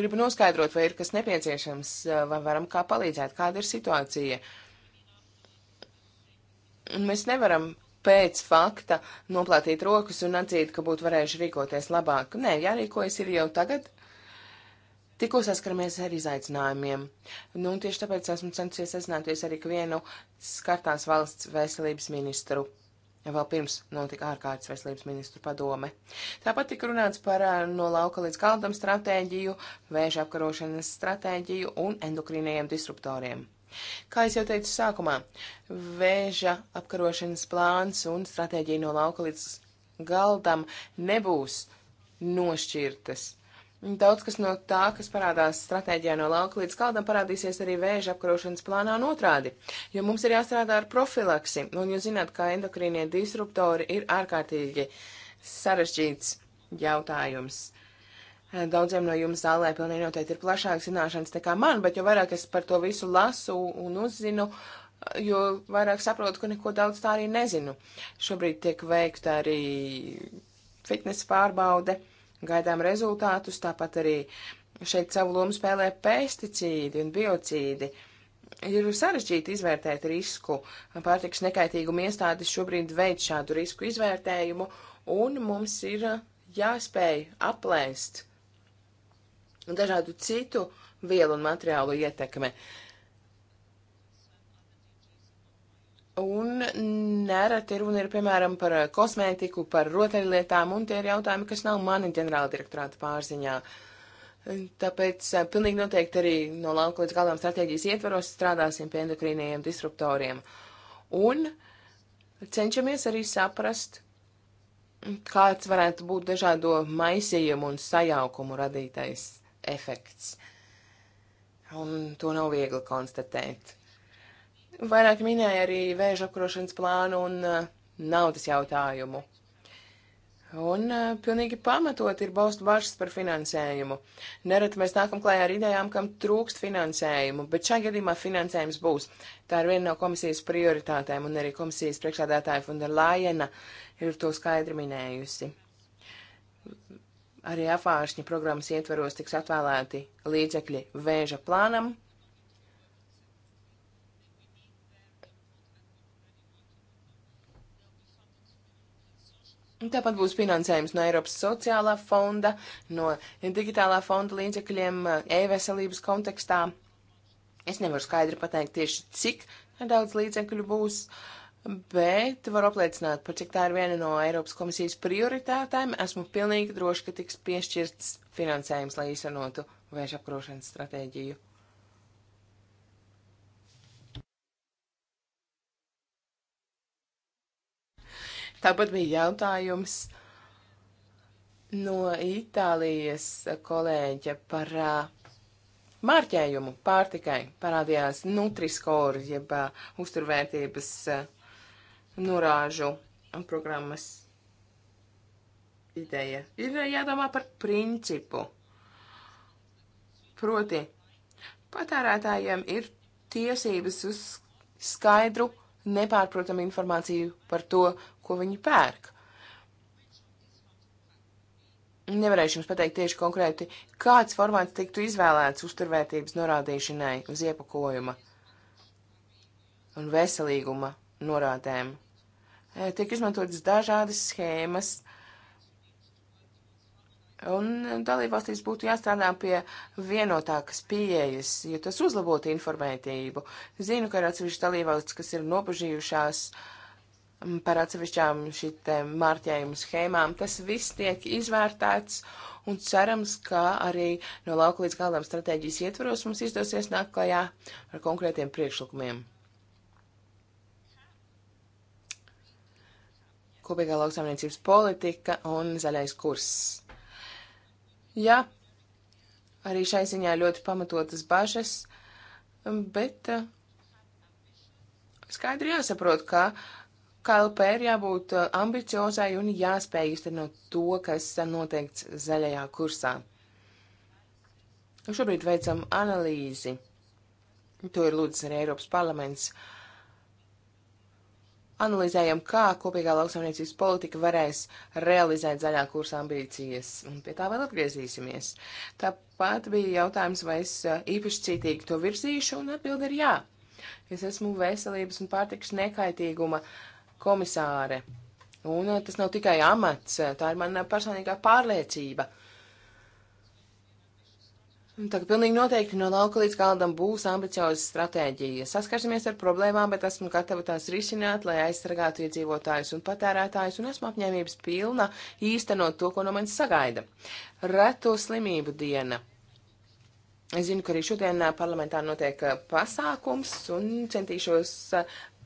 gribu noskaidrot, vai ir kas nepieciešams, vai varam kā palīdzēt, kāda ir situācija. Mēs nevaram pēc fakta noplātīt rokas un atzīt, ka būtu varējuši rīkoties labāk. Nē, jārīkojas ir jau tagad tikko saskaramies ar izaicinājumiem. Nu, un tieši tāpēc esmu centies sazināties arī vienu skartās valsts veselības ministru. Vēl pirms notika ārkārtas veselības ministru padome. Tāpat tika runāts par no lauka līdz galdam stratēģiju, vēža apkarošanas stratēģiju un endokrīnajiem disruptoriem. Kā jau teicu sākumā, vēža apkarošanas plāns un stratēģija no lauka līdz galdam nebūs nošķirtas Daudz kas no tā, kas parādās stratēģijā no lauka līdz kaldam, parādīsies arī vēža apkarošanas plānā un otrādi, jo mums ir jāstrādā ar profilaksi, un jūs zināt, ka endokrīnie disruptori ir ārkārtīgi sarežģīts jautājums. Daudziem no jums zālē pilnīgi noteikti ir plašākas zināšanas nekā man, bet jo vairāk es par to visu lasu un uzzinu, jo vairāk saprotu, ka neko daudz tā arī nezinu. Šobrīd tiek veikta arī fitnesa pārbaude gaidām rezultātus, tāpat arī šeit savu lomu spēlē pesticīdi un biocīdi. Ir sarežģīti izvērtēt risku. Pārtiks nekaitīguma iestādes šobrīd veic šādu risku izvērtējumu, un mums ir jāspēj aplēst dažādu citu vielu un materiālu ietekme. Uh, Un nereti runa ir, piemēram, par kosmētiku, par rotaļlietām, un tie ir jautājumi, kas nav mani ģenerāla direktorāta pārziņā. Tāpēc eh, pilnīgi noteikti arī no lauka līdz galam stratēģijas ietvaros strādāsim pie endokrīniem disruptoriem. Un cenšamies arī saprast, kāds varētu būt dažādo maisījumu un sajaukumu radītais efekts. Un to nav viegli konstatēt. Vairāk minēja arī vēža apkarošanas plānu un uh, naudas jautājumu. Un uh, pilnīgi pamatot ir baustu bažas par finansējumu. Nereti mēs nākam klājā ar idejām, kam trūkst finansējumu, bet šajā gadījumā finansējums būs. Tā ir viena no komisijas prioritātēm, un arī komisijas priekšādātāja Funderlājena ir to skaidri minējusi arī apvāršņa programmas ietveros tiks atvēlēti līdzekļi vēža plānam, Tāpat būs finansējums no Eiropas sociālā fonda, no digitālā fonda līdzekļiem eh, e-veselības kontekstā. Es nevaru skaidri pateikt tieši, cik daudz līdzekļu būs, bet varu apliecināt, par cik tā ir viena no Eiropas komisijas prioritātēm. Esmu pilnīgi droši, ka tiks piešķirts finansējums, lai īstenotu vēža apkrošanas stratēģiju. Tāpat bija jautājums no Itālijas kolēģa par uh, mārķējumu pārtikai. Parādījās Nutriskori, jeb uh, uzturvērtības uh, norāžu programmas ideja. Ir jādomā par principu. Proti, patērētājiem ir tiesības uz skaidru, nepārprotamu informāciju par to, ko viņi pērk. Nevarēšu jums pateikt tieši konkrēti, kāds formāts tiktu izvēlēts uzturvērtības norādīšanai uz iepakojuma un veselīguma norādēm. E, tiek izmantotas dažādas schēmas, un dalībvalstīs būtu jāstrādā pie vienotākas pieejas, jo tas uzlabotu informētību. Zinu, ka ir atsevišķi dalībvalsts, kas ir nopažījušās uh, par atsevišķām šitiem mārķējumu schēmām. Tas viss tiek izvērtēts un cerams, ka arī no lauka līdz galdam stratēģijas ietvaros mums izdosies nākt klajā ar konkrētiem priekšlikumiem. Kopīgā lauksaimniecības politika un zaļais kurs. Jā, arī šai ziņā ļoti pamatotas bažas, bet uh, skaidri jāsaprot, ka uh, KLP ir jābūt uh, ambiciozai un jāspēj iztenot to, kas uh, noteikts zaļajā kursā. Šobrīd veicam analīzi. To ir lūdzis arī Eiropas parlaments. Analizējam, kā kopīgā lauksaimniecības politika varēs realizēt zaļā kursa ambīcijas, un pie tā vēl atgriezīsimies. Tāpat bija jautājums, vai es uh, īpaši cītīgi to virzīšu, un atbildi ir jā. Es esmu veselības un pārtikas nekaitīguma uh, komisāre. Un eh, tas nav tikai amats, eh, tā ir mana personīgā pārliecība. Tā kā pilnīgi noteikti no lauka līdz galdam būs ambiciozas stratēģijas. Saskarsimies ar problēmām, bet esmu gatava tās risināt, lai aizsargātu iedzīvotājus un patērētājus, un esmu apņēmības pilna īstenot to, ko no manis sagaida. Reto slimību diena. Es zinu, ka arī šodien eh, parlamentā notiek pasākums, un centīšos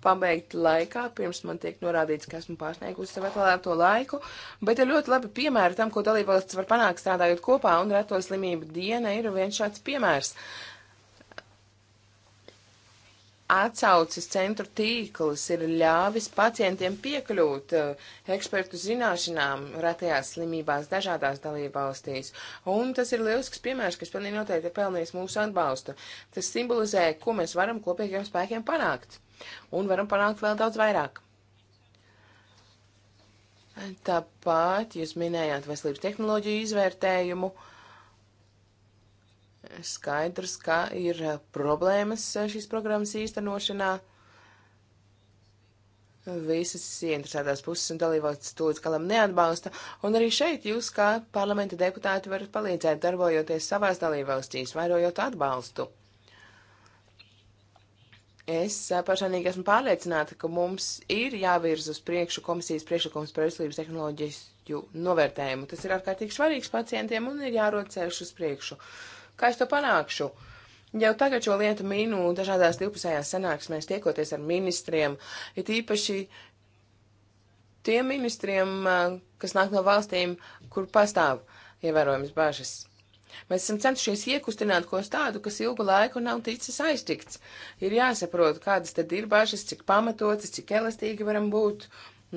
pabeigt laikā, pirms man tiek norādīts, ka esmu pārsniegusi sev atvēlēto laiku, bet ir ļoti labi piemēri tam, ko dalībvalstis var panākt strādājot kopā, un reto slimību diena ir viens šāds piemērs. Atsauces centru tīkls ir ļāvis pacientiem piekļūt eh, ekspertu zināšanām retajās slimībās dažādās dalībvalstīs. Un tas ir lielisks piemērs, kas pilnīgi noteikti ir pelnījis mūsu atbalstu. Tas simbolizē, ko mēs varam kopīgiem spēkiem panākt un varam panākt vēl daudz vairāk. Tāpat jūs minējāt veselības tehnoloģiju izvērtējumu. Skaidrs, ka ir problēmas šīs programmas īstenošanā. Visas ieinteresētās puses un dalībvalstis to līdz galam neatbalsta, un arī šeit jūs, kā parlamenta deputāti, varat palīdzēt, darbojoties savās dalībvalstīs, vairojot atbalstu. Es personīgi esmu pārliecināta, ka mums ir jāvirz uz priekšu komisijas priekšlikums par veselības tehnoloģiju novērtējumu. Tas ir ārkārtīgi svarīgs pacientiem un ir jārod ceļš uz priekšu. Kā es to panākšu? Jau tagad šo lietu minu dažādās divpusējās sanāksmēs tiekoties ar ministriem, it īpaši tiem ministriem, kas nāk no valstīm, kur pastāv ievērojams bažas. Mēs esam centušies iekustināt ko tādu, kas ilgu laiku nav ticis aiztikts. Ir jāsaprot, kādas tad ir bažas, cik pamatotas, cik elastīgi varam būt.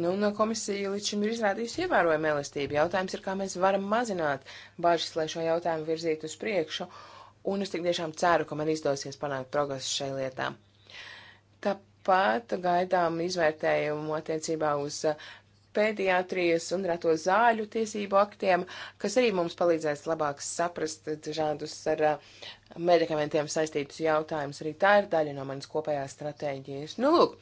Nu, no komisija līdz šim ir izrādījusi ievērojumu elastību. Jautājums ir, kā mēs varam mazināt bažas, lai šo jautājumu virzītu uz priekšu. Un es tik tiešām ceru, ka man izdosies panākt progresu šai lietā. Tāpat gaidām izvērtējumu attiecībā uz pēdiatrijas un rato zāļu tiesību aktiem, kas arī mums palīdzēs labāk saprast dažādus ar uh, medikamentiem saistītus jautājumus. Arī tā ir daļa no manas kopējās stratēģijas. Nu, lūk,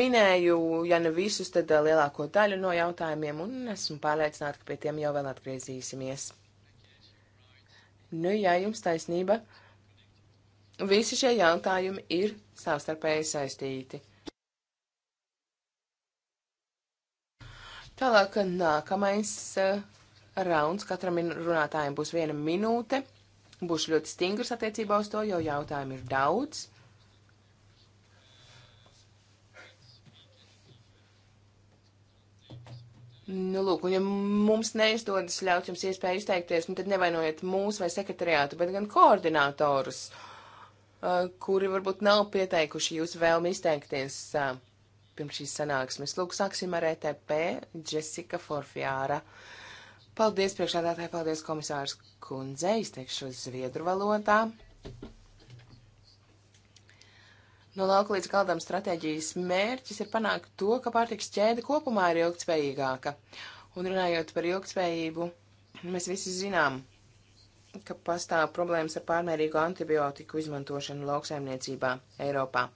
minēju, ja ne nu visus, tad uh, lielāko daļu no jautājumiem, un esmu pārliecināta, ka pie tiem jau vēl atgriezīsimies. Nu, jā, jums taisnība. Visi šie jautājumi ir savstarpēji saistīti. Tālāk nākamais uh, rauns. Katram runātājam būs viena minūte. Būšu ļoti stingrs attiecībā uz to, jo jautājumu ir daudz. Nu, lūk, un ja mums neizdodas ļaut jums iespēju izteikties, nu tad nevainojiet mūs vai sekretariātu, bet gan koordinātorus, uh, kuri varbūt nav pieteikuši jūsu vēlmi izteikties. Uh, pirms šīs sanāksmes. Lūk, sāksim ar ETP Jessica Forfjāra. Paldies priekšādātāji, paldies komisārs kundze, izteikšu zviedru valodā. No lauka līdz galdam stratēģijas mērķis ir panākt to, ka pārtiks ķēde kopumā ir ilgtspējīgāka. Un runājot par ilgtspējību, mēs visi zinām, ka pastāv problēmas ar pārmērīgu antibiotiku izmantošanu lauksaimniecībā Eiropā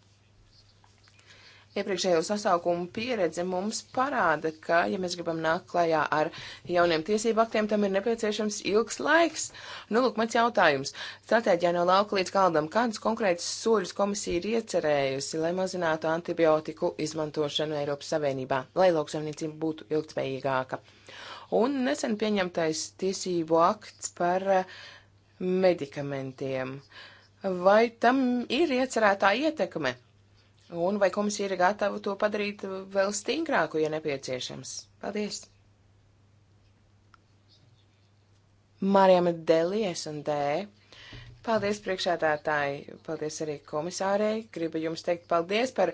iepriekšējo sasaukumu pieredze mums parāda, ka, ja mēs gribam nākt klajā ar jauniem tiesību aktiem, tam ir nepieciešams ilgs laiks. Nu, lūk, mans jautājums. Stratēģijā no lauka līdz kaldam, kādus konkrētus soļus komisija ir iecerējusi, lai mazinātu antibiotiku izmantošanu Eiropas Savienībā, lai lauksaimniecība būtu ilgtspējīgāka? Un nesen pieņemtais tiesību akts par eh, medikamentiem. Vai tam ir iecerētā ietekme? Un vai komisija ir gatava to padarīt vēl stingrāku, ja nepieciešams? Paldies! Marijama Delies un D. Paldies priekšādātāji, paldies arī komisārei. Gribu jums teikt paldies par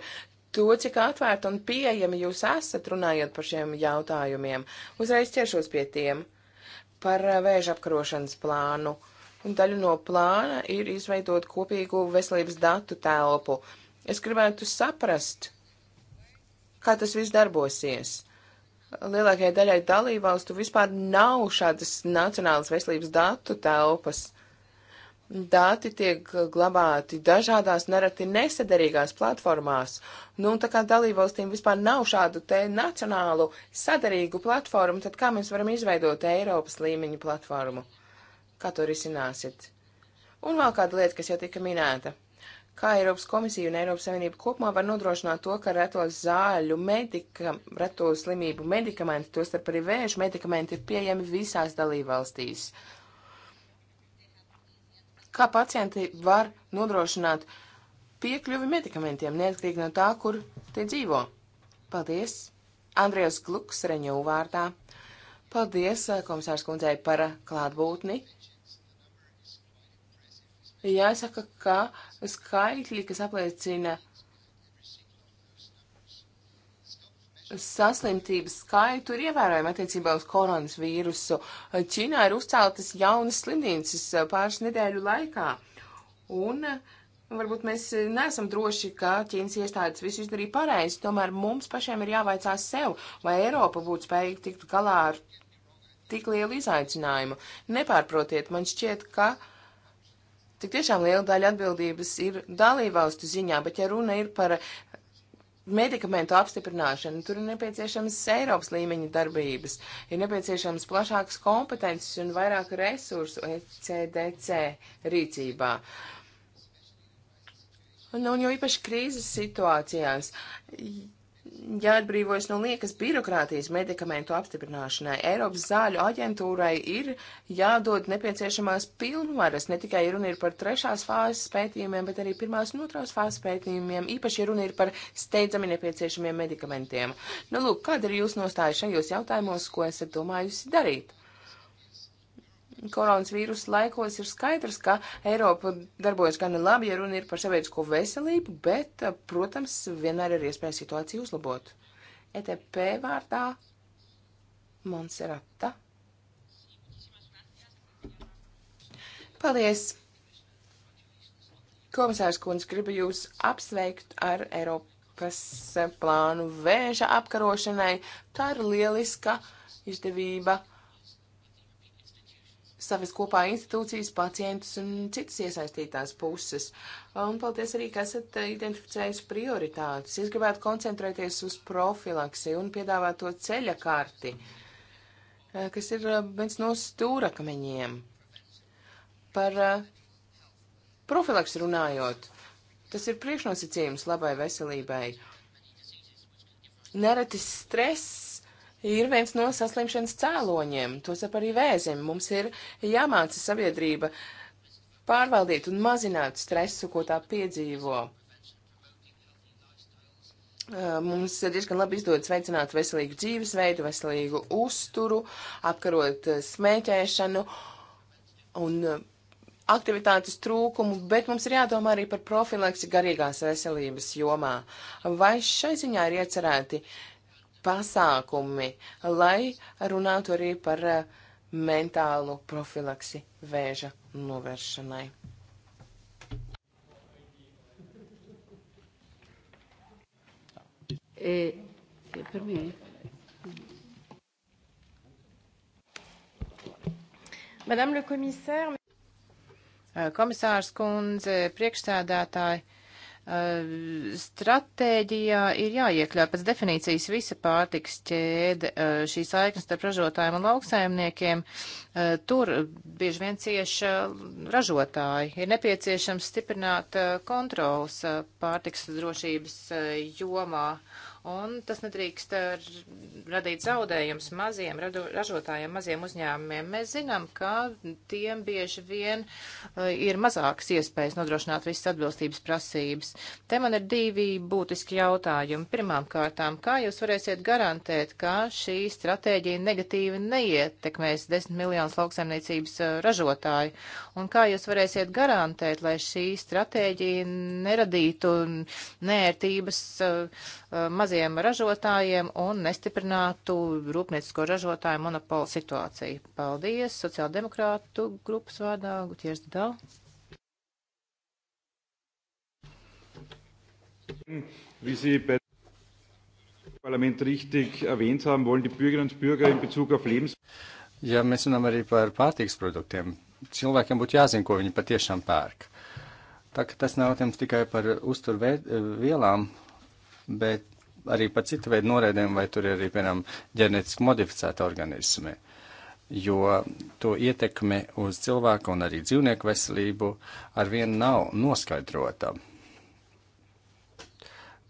to, cik atvērti un pieejami jūs esat runājot par šiem jautājumiem. Uzreiz ķeršos pie tiem par vēža apkarošanas plānu. Un daļu no plāna ir izveidot kopīgu veselības datu telpu. Es gribētu saprast, kā tas viss darbosies. Lielākajai daļai dalībvalstu vispār nav šādas nacionālas veselības datu telpas. Dati tiek glabāti dažādās, nereti nesaderīgās platformās. Nu, un tā kā dalībvalstīm vispār nav šādu te nacionālu saderīgu platformu, tad kā mēs varam izveidot Eiropas līmeņu platformu? Kā to risināsiet? Un vēl kāda lieta, kas jau tika minēta kā Eiropas komisija un Eiropas Savienība kopumā var nodrošināt to, ka reto zāļu, medika, reto slimību medikamenti, tostarp arī vēžu medikamenti, ir pieejami visās dalībvalstīs. Kā pacienti var nodrošināt piekļuvi medikamentiem, neatkarīgi no tā, kur tie dzīvo? Paldies! Andrijas Gluks, Reņū vārdā. Paldies komisārs kundzei par klātbūtni jāsaka, ka skaitļi, kas apliecina saslimtības skaitu, ir ievērojami attiecībā uz koronas vīrusu. Ķīnā ir uzceltas jaunas slimnīcas pāris nedēļu laikā. Un varbūt mēs neesam droši, ka Ķīnas iestādes visu izdarīja pareizi, tomēr mums pašiem ir jāvaicās sev, vai Eiropa būtu spējīga tikt galā ar tik lielu izaicinājumu. Nepārprotiet, man šķiet, ka uh, Tik tiešām liela daļa atbildības ir dalībvalstu ziņā, bet ja runa ir par medikamentu apstiprināšanu, tur ir nepieciešams Eiropas līmeņa darbības, ir nepieciešams plašākas kompetences un vairāk resursu ECDC rīcībā. Un, un jo īpaši krīzes situācijās, jāatbrīvojas no liekas birokrātijas medikamentu apstiprināšanai. Eiropas zāļu aģentūrai ir jādod nepieciešamās pilnvaras, ne tikai runa ir par trešās fāzes pētījumiem, bet arī pirmās un otrās fāzes pētījumiem, īpaši runa ir par steidzami nepieciešamiem medikamentiem. Nu, lūk, kāda ir jūsu nostāja šajos jautājumos, ko esat domājusi darīt? koronas vīrusa laikos ir skaidrs, ka Eiropa darbojas gan labi, ja runa ir par sabiedrisko veselību, bet, eh, protams, vienmēr ir iespēja situāciju uzlabot. ETP vārdā Monserata. Paldies! Komisārs kundze, gribu jūs apsveikt ar Eiropas plānu vēža apkarošanai. Tā ir lieliska izdevība savas kopā institūcijas, pacientus un citas iesaistītās puses. Un paldies arī, ka esat eh, identificējusi prioritātes. Es gribētu koncentrēties uz profilaksi un piedāvāt to ceļa karti, eh, kas ir eh, viens no stūrakmeņiem. Par profilaks runājot, tas ir priekšnosacījums labai veselībai. Nereti stress ir viens no saslimšanas cēloņiem, tostarp arī vēzim. Mums ir jāmāca sabiedrība pārvaldīt un mazināt stresu, ko tā piedzīvo. Mums diezgan labi izdodas veicināt veselīgu dzīvesveidu, veselīgu uzturu, apkarot smēķēšanu un aktivitātes trūkumu, bet mums ir jādomā arī par profilaksi garīgās veselības jomā. Vai šai ziņā ir iecerēti uh, pasākumi, lai runātu arī par eh, mentālu profilaksi vēža novēršanai. E, e, per me. Madame le commissaire. Eh, komisārs kundze, priekšsēdētāji. Eh, stratēģijā ir jāiekļauj pēc definīcijas visa pārtiks ķēde, eh, šī saiknes starp ražotājiem un lauksaimniekiem. Eh, tur bieži vien cieši ražotāji. Ir nepieciešams stiprināt kontrols pārtiks drošības jomā. Uh, un tas nedrīkst eh, radīt zaudējums maziem ražotājiem, maziem uzņēmumiem. Mēs zinām, ka tiem bieži vien eh, ir mazākas iespējas nodrošināt visas atbilstības prasības. Te man ir divi būtiski jautājumi. Pirmām kārtām, kā jūs varēsiet garantēt, ka šī stratēģija negatīvi neietekmēs 10 miljonus lauksaimniecības eh, ražotāju? Un kā jūs varēsiet garantēt, lai šī stratēģija neradītu nērtības uh, maz maziem ražotājiem un nestiprinātu rūpniecisko ražotāju monopola situāciju. Paldies sociāldemokrātu grupas vārdā, Gutieres Dal. Wie Sie bei Parlament richtig erwähnt haben, wollen die Bürgerinnen und Bürger in Bezug auf Lebens. Ja, mēs runājam arī par pārtiks produktiem. Cilvēkiem būtu jāzina, ko viņi patiešām pērk. Tā ka tas nav jautājums tikai par uzturvielām, bet arī par citu veidu noraidēm, vai tur ir arī, piemēram, ģenetiski modificēta organismi, jo to ietekme uz cilvēku un arī dzīvnieku veselību arvien nav noskaidrota.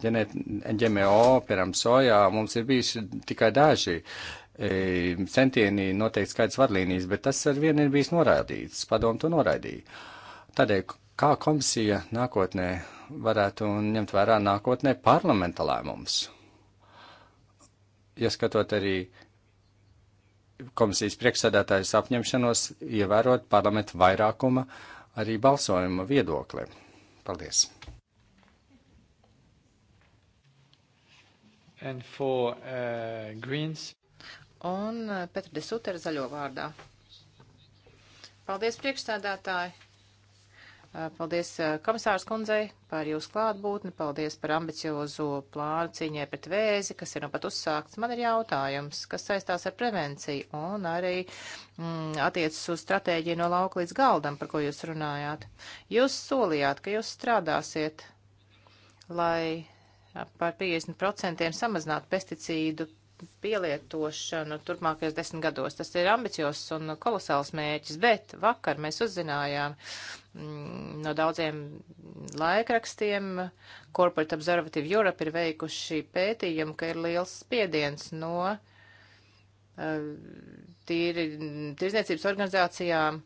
Ģenet, ģemeo, piemēram, sojā mums ir bijuši tikai daži e, centieni noteikt skaidrs vadlīnijas, bet tas arvien ir bijis noraidīts, padomu to noraidīja. Tādēļ Kā komisija nākotnē varētu ņemt vērā nākotnē parlamenta lēmumus? Ieskatot arī komisijas priekšsēdētājas apņemšanos ievērot parlamenta vairākuma arī balsojuma viedokli. Paldies! And for, uh, greens. Un uh, Petra Desutera zaļo vārdā. Paldies, priekšstādātāji! Eh, paldies eh, komisārs kundzei par jūsu klātbūtni, paldies par ambiciozo plānu cīņai pret vēzi, kas ir nu pat uzsākts. Man ir jautājums, kas saistās ar prevenciju un arī mm, attiecas uz stratēģiju no lauka līdz galdam, par ko jūs runājāt. Jūs solījāt, ka jūs strādāsiet, lai eh, par 50% samazinātu pesticīdu pielietošanu turpmākajos desmit gados. Tas ir ambiciozs un kolosāls mērķis, bet vakar mēs uzzinājām mm, no daudziem laikrakstiem, Corporate Observative Europe ir veikuši pētījumu, ka ir liels spiediens no eh, tīri tirzniecības organizācijām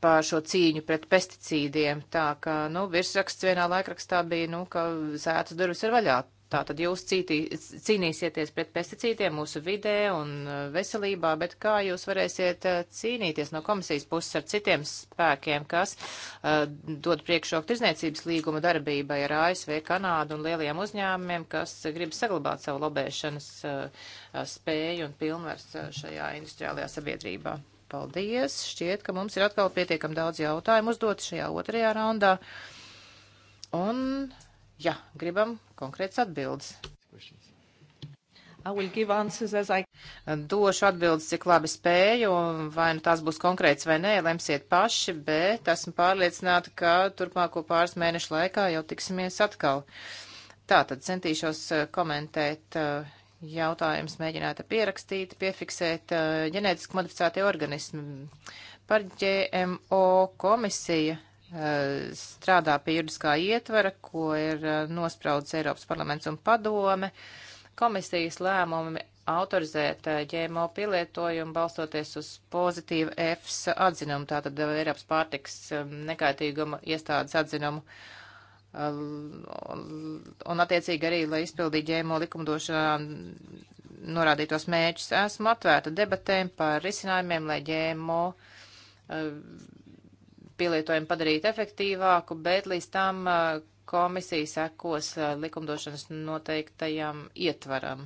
par šo cīņu pret pesticīdiem. Tā ka, nu, virsraksts vienā laikrakstā bija, nu, ka sētas durvis ir vaļā. Tātad jūs cītī, cīnīsieties pret pesticīdiem mūsu vidē un uh, veselībā, bet kā jūs varēsiet uh, cīnīties no komisijas puses ar citiem spēkiem, kas uh, dod priekšroku tirzniecības līguma darbībai ar ASV, Kanādu un lielajiem uzņēmumiem, kas grib saglabāt savu lobēšanas uh, spēju un pilnvars uh, šajā industriālajā sabiedrībā? Paldies! Šķiet, ka mums ir atkal pietiekam daudz jautājumu uzdot šajā otrajā raundā. Un ja gribam konkrēts atbildes. I... Došu atbildes, cik labi spēju, vai nu tās būs konkrēts vai nē, lemsiet paši, bet esmu pārliecināta, ka turpmāko pāris mēnešu laikā jau tiksimies atkal. Tā tad centīšos eh, komentēt eh, jautājumus, mēģināt pierakstīt, piefiksēt eh, ģenētiski modificētie organismi. Par GMO komisija Eh, strādā pie juridiskā ietvera, ko ir eh, nospraudis Eiropas parlaments un padome. Komisijas lēmumi autorizēt eh, ģēmo pielietojumu balstoties uz pozitīvu EFSA atzinumu, tātad Eiropas pārtiks nekaitīguma iestādes atzinumu. Un attiecīgi arī, lai izpildītu ģēmo likumdošanā norādītos mēģus, esmu atvērta debatēm par risinājumiem, lai ģēmo pielietojumu padarīt efektīvāku, bet līdz tam uh, komisija sekos uh, likumdošanas noteiktajam ietvaram.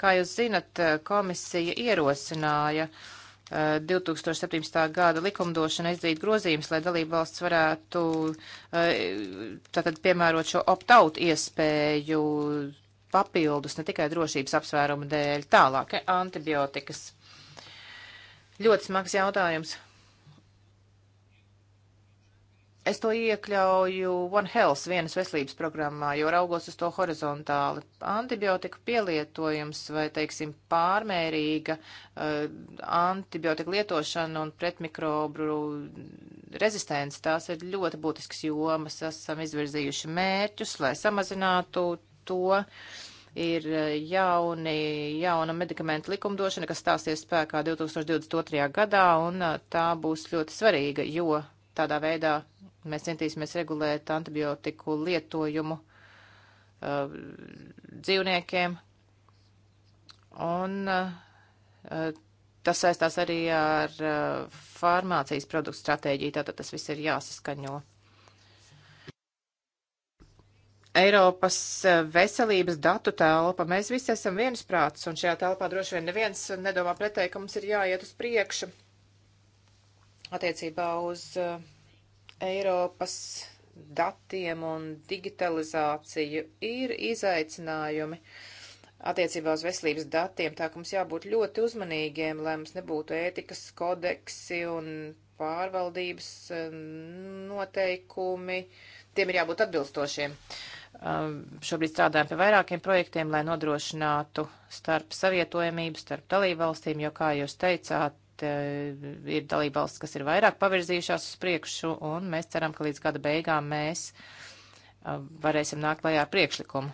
Kā jūs zinat, uh, komisija ierosināja 2017. gada likumdošana izdarīt grozījums, lai dalība valsts varētu tātad piemērot šo opt-out iespēju papildus, ne tikai drošības apsvērumu dēļ. Tālāk, e, antibiotikas. Ļoti smags jautājums. Es to iekļauju One Health vienas veselības programmā, jo raugos uz to horizontāli. Antibiotiku pielietojums vai, teiksim, pārmērīga uh, eh, antibiotiku lietošana un pretmikrobru rezistence, tās ir ļoti būtiskas jomas. Esam izvirzījuši mērķus, lai samazinātu to. Ir eh, jauni, jauna medikamentu likumdošana, kas stāsies spēkā 2022. gadā, un eh, tā būs ļoti svarīga, jo Tādā veidā mēs centīsimies regulēt antibiotiku lietojumu uh, dzīvniekiem. Un uh, tas saistās arī ar uh, farmācijas produktu stratēģiju, tātad tas viss ir jāsaskaņo. Eiropas uh, veselības datu telpa. Mēs visi esam viensprāts, un šajā telpā droši vien neviens nedomā pretēji, ka mums ir jāiet uz priekšu attiecībā uz eh, Eiropas datiem un digitalizāciju ir izaicinājumi attiecībā uz veselības datiem, tā ka mums jābūt ļoti uzmanīgiem, lai mums nebūtu ētikas kodeksi un pārvaldības eh, noteikumi. Tiem ir jābūt atbilstošiem. Ehm, šobrīd strādājam pie vairākiem projektiem, lai nodrošinātu starp savietojamību, starp dalībvalstīm, jo, kā jūs teicāt, bet eh, ir dalībvalsts, kas ir vairāk pavirzījušās uz priekšu, un mēs ceram, ka līdz gada beigām mēs eh, varēsim nākt klajā ar priekšlikumu.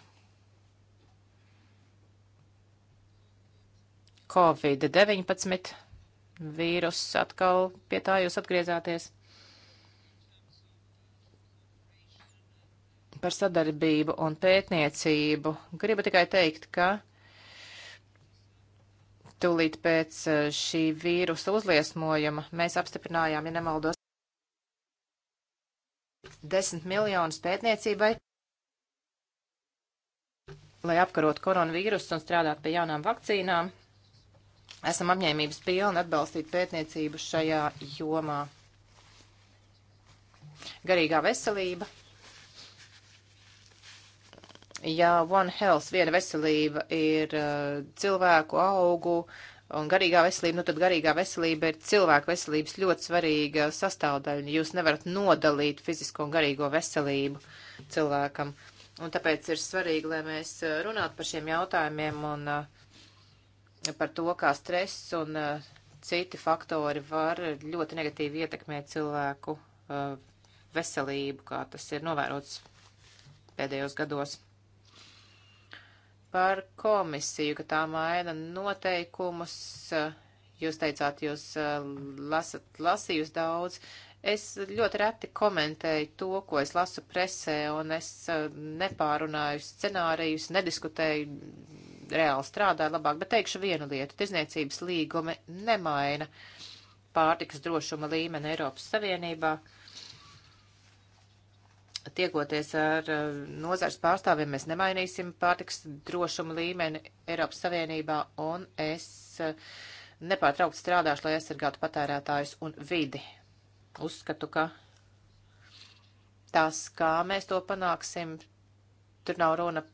Covid-19 vīrus atkal pie tā jūs atgriezāties. Par sadarbību un pētniecību gribu tikai teikt, ka tūlīt pēc e, šī vīrusa uzliesmojuma mēs apstiprinājām, ja nemaldos, 10 miljonus pētniecībai, lai apkarot koronavīrusu un strādāt pie jaunām vakcīnām. Esam apņēmības pilni atbalstīt pētniecību šajā jomā. Garīgā veselība ja One Health, viena veselība ir uh, cilvēku augu un garīgā veselība, nu tad garīgā veselība ir cilvēku veselības ļoti svarīga sastāvdaļa. Jūs nevarat nodalīt fizisko un garīgo veselību cilvēkam. Un tāpēc ir svarīgi, lai mēs uh, runātu par šiem jautājumiem un uh, par to, kā stress un uh, citi faktori var ļoti negatīvi ietekmēt cilvēku uh, veselību, kā tas ir novērots pēdējos gados par komisiju, ka tā maina noteikumus. Jūs teicāt, jūs eh, lasat, lasījus daudz. Es ļoti reti komentēju to, ko es lasu presē, un es eh, nepārunāju scenārijus, nediskutēju, reāli strādāju labāk, bet teikšu vienu lietu. Tirzniecības līgumi nemaina pārtikas drošuma līmeni Eiropas Savienībā. Uh, tiekoties ar eh, nozars pārstāvjiem, mēs nemainīsim pārtiks drošumu līmeni Eiropas Savienībā, un es eh, nepārtraukt strādāšu, lai aizsargātu patērētājus un vidi. Uzskatu, ka tas, kā mēs to panāksim, tur nav runa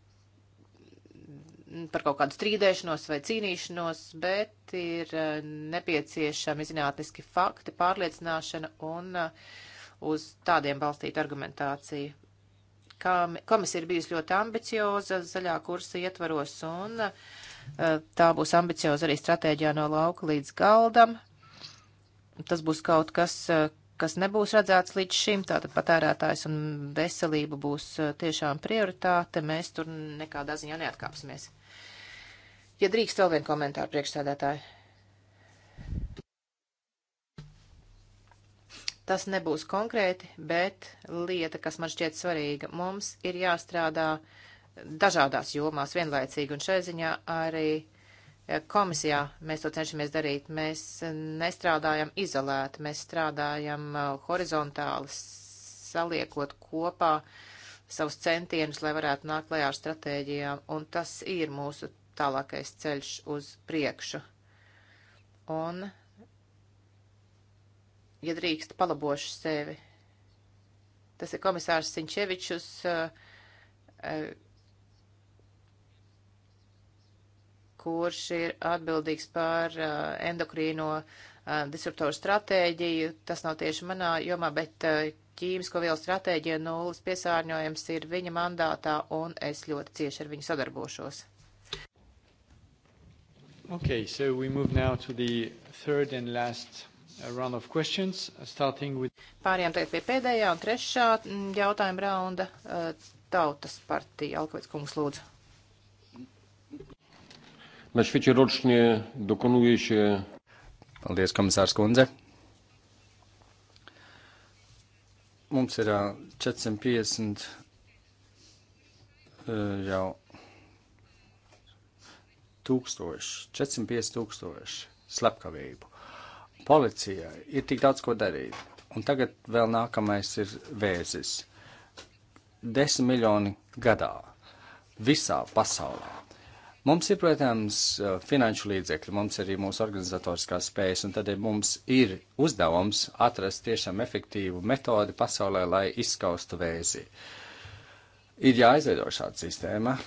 par kaut kādu strīdēšanos vai cīnīšanos, bet ir eh, nepieciešami zinātniski fakti, pārliecināšana un uh, uz tādiem balstītu argumentāciju. Komisija ir bijusi ļoti ambicioza zaļā kursa ietvaros, un eh, tā būs ambicioza arī stratēģijā no lauka līdz galdam. Tas būs kaut kas, eh, kas nebūs redzēts līdz šim, tātad patērētājs un veselība būs eh, tiešām prioritāte, mēs tur nekādā ziņā neatkāpsimies. Ja drīkst vēl vienu komentāru priekšsēdētāju. Tas nebūs konkrēti, bet lieta, kas man šķiet svarīga, mums ir jāstrādā dažādās jomās vienlaicīgi, un šai ziņā arī eh, komisijā mēs to cenšamies darīt. Mēs eh, nestrādājam izolēti, mēs strādājam eh, horizontāli, saliekot kopā savus centienus, lai varētu nākt klajā ar stratēģijām, un tas ir mūsu tālākais ceļš uz priekšu. Un ja drīkst palabošu sevi. Tas ir komisārs Sinčevičus. Eh, eh, kurš ir atbildīgs par eh, endokrīno disruptoru stratēģiju. Tas nav tieši manā jomā, bet ķīmisko vielu stratēģija nulles piesārņojums ir viņa mandātā, un es ļoti cieši ar viņu sadarbošos. Okay, so we move now to the third and last round of questions, starting with. Pārējām tagad pie pēdējā un trešā jautājuma raunda. Eh, Tautas partija, Alkovits kungs, lūdzu. Na świecie rocznie dokonuje się. Paldies, komisārs Kundze. Mums ir 450 eh, eh, jau tūkstoši, 450 tūkstoši slepkavību. Policijai ir tik daudz ko darīt. Un tagad vēl nākamais ir vēzis. 10 miljoni gadā visā pasaulē. Mums ir, protams, finanšu līdzekļi, mums ir arī mūsu organizatoriskās spējas, un tad mums ir uzdevums atrast tiešām efektīvu metodi pasaulē, lai izskaustu vēzi. Ir jāizveido šāda sistēma,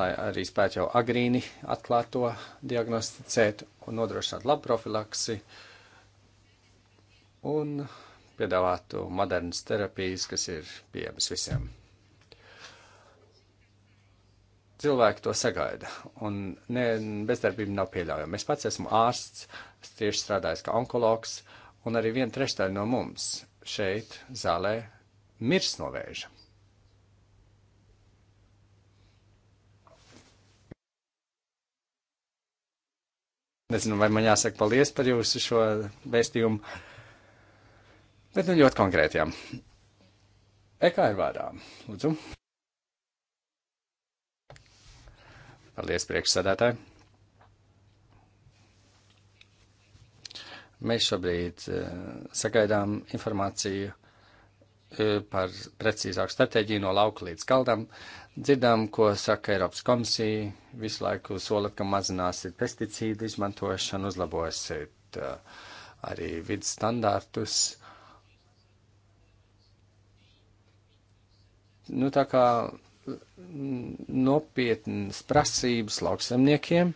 lai arī spētu jau agrīni atklāt to diagnosticēt un nodrošināt labu profilaksi. Uh, un piedāvātu modernas terapijas, kas ir pieejamas visiem. Cilvēki to sagaida, un ne, bezdarbība nav pieļaujama. Es pats esmu ārsts, es tieši strādājis kā onkologs, un arī viena trešdaļa no mums šeit, zālē, mirs no vēža. Nezinu, vai man jāsaka paldies par jūsu šo vēstījumu. Bet nu ļoti konkrētiem. Ekā ir vārdā. Lūdzu. Paldies, priekšsēdētāji. Mēs šobrīd eh, sagaidām informāciju eh, par precīzāku stratēģiju no lauka līdz galdam. Dzirdām, ko saka Eiropas komisija, visu laiku sola, ka mazināsit pesticīdu izmantošanu, uzlabosiet eh, arī vidas standārtus. Nu, tā kā nopietnas prasības lauksemniekiem,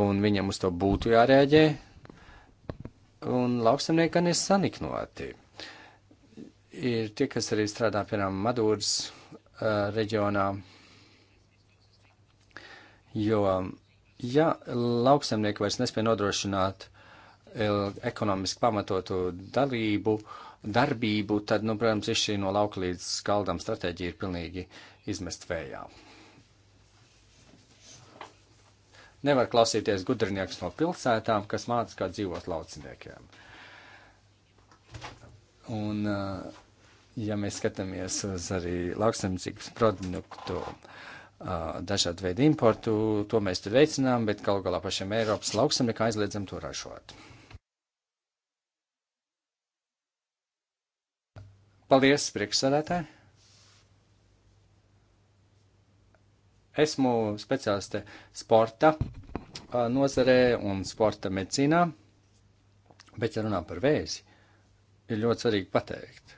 un viņam uz to būtu jārēģē, un lauksemnieki gan ir saniknoti. Ir tie, kas arī strādā, piemēram, Madūras uh, reģionā, jo, ja lauksemnieki vairs nespēja nodrošināt ekonomiski pamatotu dalību, uh, darbību, tad, nu, protams, šī no lauka līdz skaldam stratēģija ir pilnīgi izmest vējā. Nevar klausīties gudrinieks no pilsētām, kas māca, kā dzīvot lauciniekiem. Un, eh, ja mēs skatāmies uz arī lauksaimniecības produktu, eh, dažādu veidu importu, to mēs tur veicinām, bet galu galā pašiem Eiropas lauksaimniekam aizliedzam to ražot. Paldies, priekšsēdētāji! Esmu speciāliste sporta nozarē un sporta medicīnā, bet, ja runā par vēzi, ir ļoti svarīgi pateikt,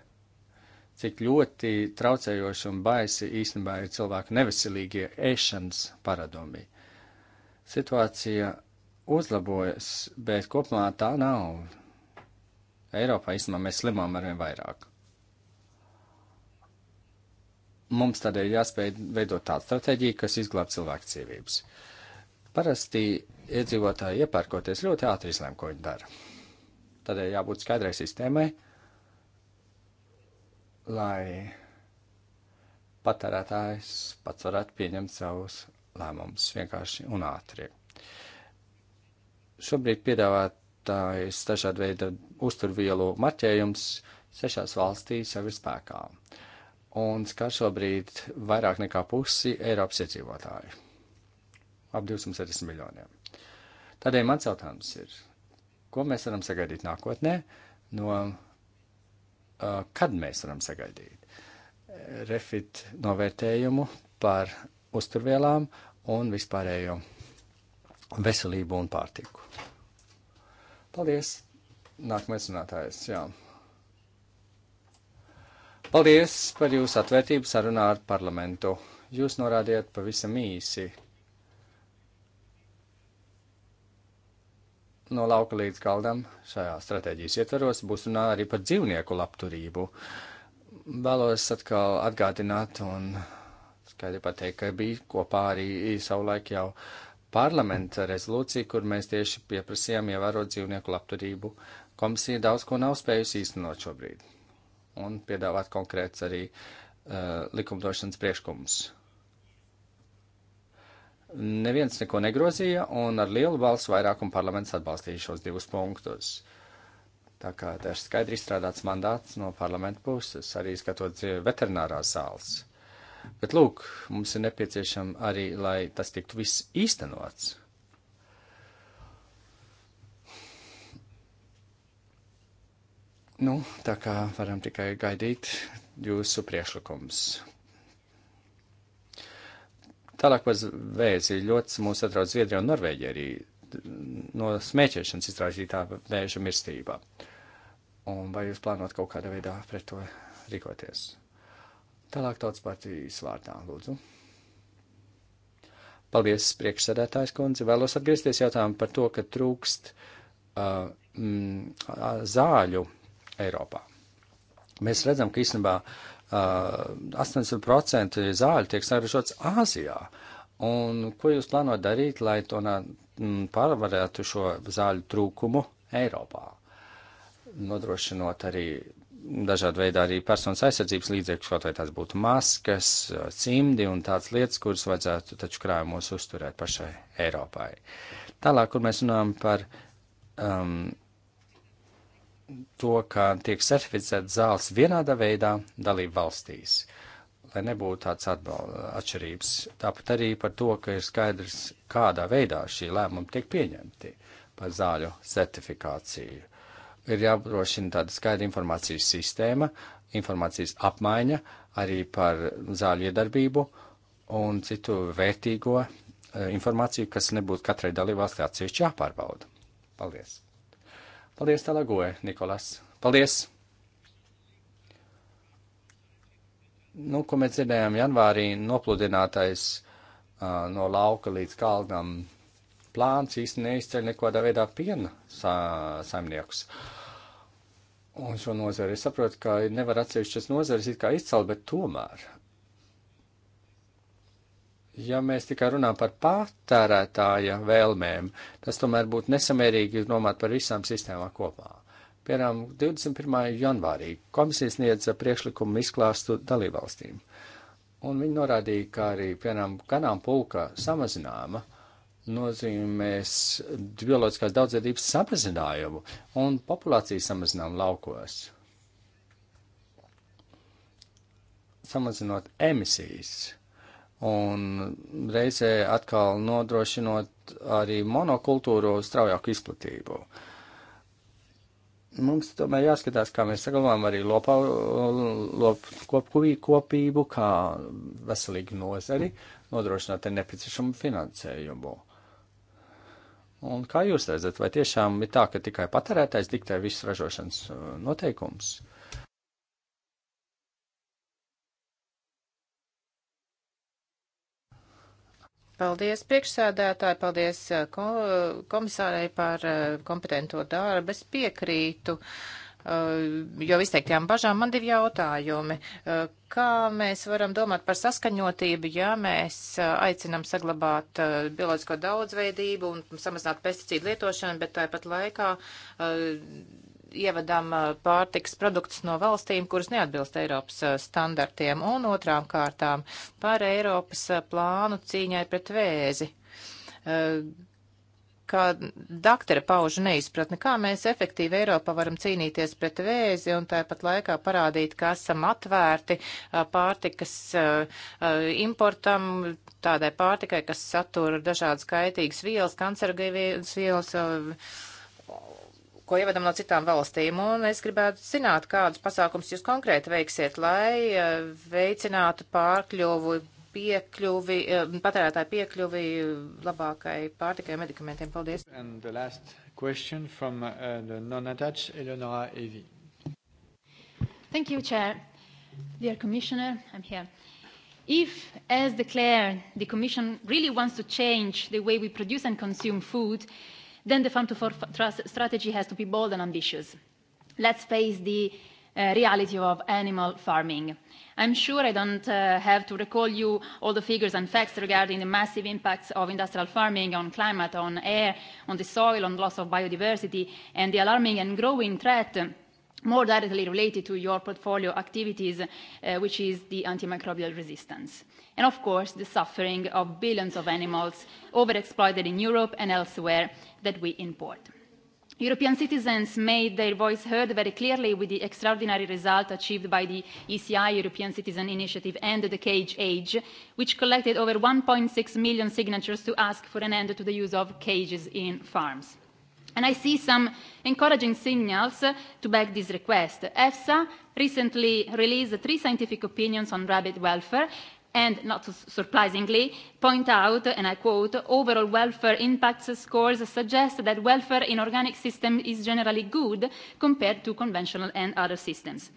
cik ļoti traucējoši un baisi īstenībā ir cilvēku neveselīgie ēšanas paradumi. Situācija uzlabojas, bet kopumā tā nav. Eiropā īstenībā mēs slimām arvien vairāk. Mums tādēļ jāspēj veidot tādu stratēģiju, kas izglāb cilvēku dzīvības. Parasti iedzīvotāji iepērkoties ļoti ātri izlēma, ko viņi dara. Tādēļ jābūt skaidrai sistēmai, lai patērētājs pats varētu pieņemt savus lēmumus vienkārši un ātri. Šobrīd piedāvātājs dažādu veidu uzturvielu marķējums sešās valstīs jau ir spēkā. Uh, un skar šobrīd vairāk nekā pusi Eiropas iedzīvotāju - ap 270 miljoniem. Tādēļ mans jautājums ir, ko mēs varam sagaidīt nākotnē, no uh, kad mēs varam sagaidīt refit novērtējumu par uzturvielām un vispārējo veselību un pārtiku. Paldies! Nākamais runātājs, jā. Paldies par jūsu atvērtību sarunā ar parlamentu. Jūs norādījāt pavisam īsi. No lauka līdz galdam šajā stratēģijas ietveros būs runā arī par dzīvnieku labturību. Vēlos atkal atgādināt un skaidri pateikt, ka bija kopā arī savulaik jau parlamenta rezolūcija, kur mēs tieši pieprasījām ievērot dzīvnieku labturību. Komisija daudz ko nav spējusi īstenot šobrīd un piedāvāt konkrēts arī uh, likumdošanas priekškums. Neviens neko negrozīja, un ar lielu balsu vairākumu parlaments atbalstīja šos divus punktus. Tā kā te ir skaidri izstrādāts mandāts no parlamenta puses, arī skatot veterinārās zāles. Bet, lūk, mums ir nepieciešama arī, lai tas tiktu viss īstenots. Nu, tā kā varam tikai gaidīt jūsu priekšlikums. Tālāk par vēzi. Ļoti mūs atrauc Zviedrija un Norvēģija arī no smēķēšanas izraisītā vēža mirstībā. Un vai jūs plānot kaut kādā veidā pret to rīkoties? Tālāk tautas partijas vārdā, lūdzu. Paldies, priekšsēdētājs kundze. Vēlos atgriezties jautājumu par to, ka trūkst uh, mm, zāļu Eiropā. Mēs redzam, ka īstenībā uh, 80% zāļu tiek saražots Āzijā. Un ko jūs plānojat darīt, lai to pārvarētu šo zāļu trūkumu Eiropā? Nodrošinot arī dažādu veidu arī personas aizsardzības līdzekļus, kaut vai tās būtu maskas, cimdi un tādas lietas, kuras vajadzētu taču krājumos uzturēt pašai Eiropai. Tālāk, kur mēs runājam par um, to, ka tiek certificēts zāles vienādā veidā dalību valstīs, lai nebūtu tāds atšķirības. Tāpat arī par to, ka ir skaidrs, kādā veidā šī lēmuma tiek pieņemti par zāļu certifikāciju. Ir jāprošina tāda skaidra informācijas sistēma, informācijas apmaiņa arī par zāļu iedarbību un citu vērtīgo eh, informāciju, kas nebūtu katrai dalībvalstī atsevišķi jāpārbauda. Paldies! Paldies, Talagoja, Nikolas. Paldies! Nu, ko mēs dzirdējām janvārī, nopludinātais uh, no lauka līdz kalnam plāns īsti neizceļ nekodā veidā piena sa saimniekus. Un šo nozari es saprotu, ka nevar atsevišķas nozares it kā izcelt, bet tomēr ja mēs tikai runājam par patērētāja vēlmēm, tas tomēr būtu nesamērīgi domāt par visām sistēmām kopā. Piemēram, 21. janvārī komisija sniedza priekšlikumu izklāstu dalībvalstīm, un viņi norādīja, ka arī, piemēram, ganāmpulka samazinājuma nozīmēs bioloģiskās daudzveidības samazinājumu un populācijas samazinājumu laukos, samazinot emisijas un reizē atkal nodrošinot arī monokultūru straujāku izplatību. Mums tomēr jāskatās, kā mēs saglabājam arī lopā, lop, kopkuvī kopību, kā veselīgu nozari, nodrošināt ar nepieciešamu finansējumu. Un kā jūs redzat, vai tiešām ir tā, ka tikai patērētājs diktē visus ražošanas uh, noteikumus? Paldies priekšsēdētāji, paldies uh, uh, komisārai par uh, kompetento darbu. Es piekrītu jau izteiktām bažām. Man ir jautājumi. Kā mēs varam domāt par saskaņotību, ja mēs aicinam saglabāt bioloģisko daudzveidību un samazināt pesticīdu lietošanu, bet tāpat laikā ievedam uh, pārtiks produktus no valstīm, kuras neatbilst Eiropas uh, standartiem, un otrām kārtām par Eiropas uh, plānu cīņai pret vēzi. Kā daktere paužu neizpratni, kā mēs efektīvi Eiropā varam cīnīties pret vēzi un tāpat laikā parādīt, ka esam atvērti pārtikas importam, tādai pārtikai, kas satura dažādas kaitīgas vielas, kancerogēvielas vielas ko ievedam no citām valstīm, un es gribētu zināt, kādus pasākums jūs konkrēti veiksiet, lai eh, veicinātu pārkļuvu, piekļuvi, eh, patērētāju piekļuvi labākai pārtikai un medikamentiem. Paldies. From, uh, Thank you, Chair. Dear Commissioner, I'm here. If, as declared, the Commission really wants to change the way we produce and consume food, uh, Then the Farm to Fork strategy has to be bold and ambitious. Let's face the uh, reality of animal farming. I'm sure I don't uh, have to recall you all the figures and facts regarding the massive impacts of industrial farming on climate, on air, on the soil, on loss of biodiversity, and the alarming and growing threat more directly related to your portfolio activities, uh, which is the antimicrobial resistance. And of course, the suffering of billions of animals overexploited in Europe and elsewhere that we import. European citizens made their voice heard very clearly with the extraordinary result achieved by the ECI European Citizen Initiative and the Cage Age, which collected over 1.6 million signatures to ask for an end to the use of cages in farms. And I see some encouraging signals to back this request. EFSA recently released three scientific opinions on rabbit welfare and, not surprisingly, point out, and I quote, overall welfare impacts scores suggest that welfare in organic systems is generally good compared to conventional and other systems.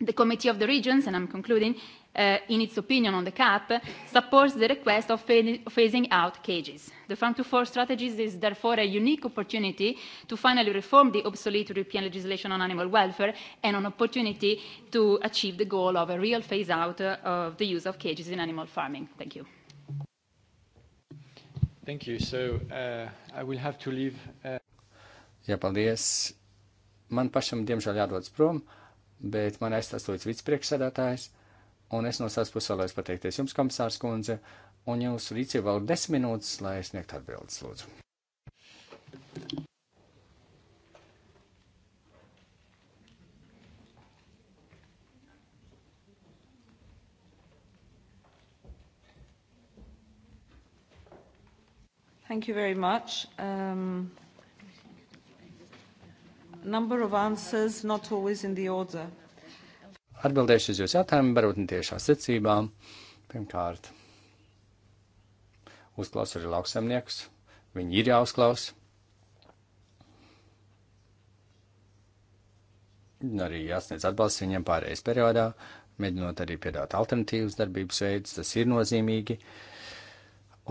The Committee of the Regions, and I'm concluding, uh, in its opinion on the CAP, supports the request of phasing out cages. The Farm to Fork strategies is therefore a unique opportunity to finally reform the obsolete European legislation on animal welfare and an opportunity to achieve the goal of a real phase out uh, of the use of cages in animal farming. Thank you. Thank you. So uh, I will have to leave. Uh... Jā, paldies. Man pašam, diemžēl, jādodas prom. Uh, bet man aizstāstots vicepriekšsēdētājs, un es no savas puses vēlos pateikties jums, komisārs kundze, un jūs rīcība vēl desmit minūtes, lai sniegtu atbildes, lūdzu. Thank you very much. Um... Atbildēšu uz jūsu jautājumu, varbūt ne tiešā secībā. Pirmkārt, uzklausa arī lauksaimniekus. Viņi ir jāuzklausa. Arī jāsniedz atbalsts viņiem pārējais periodā, mēģinot arī piedāvāt alternatīvas darbības veidus. Tas ir nozīmīgi. Uh,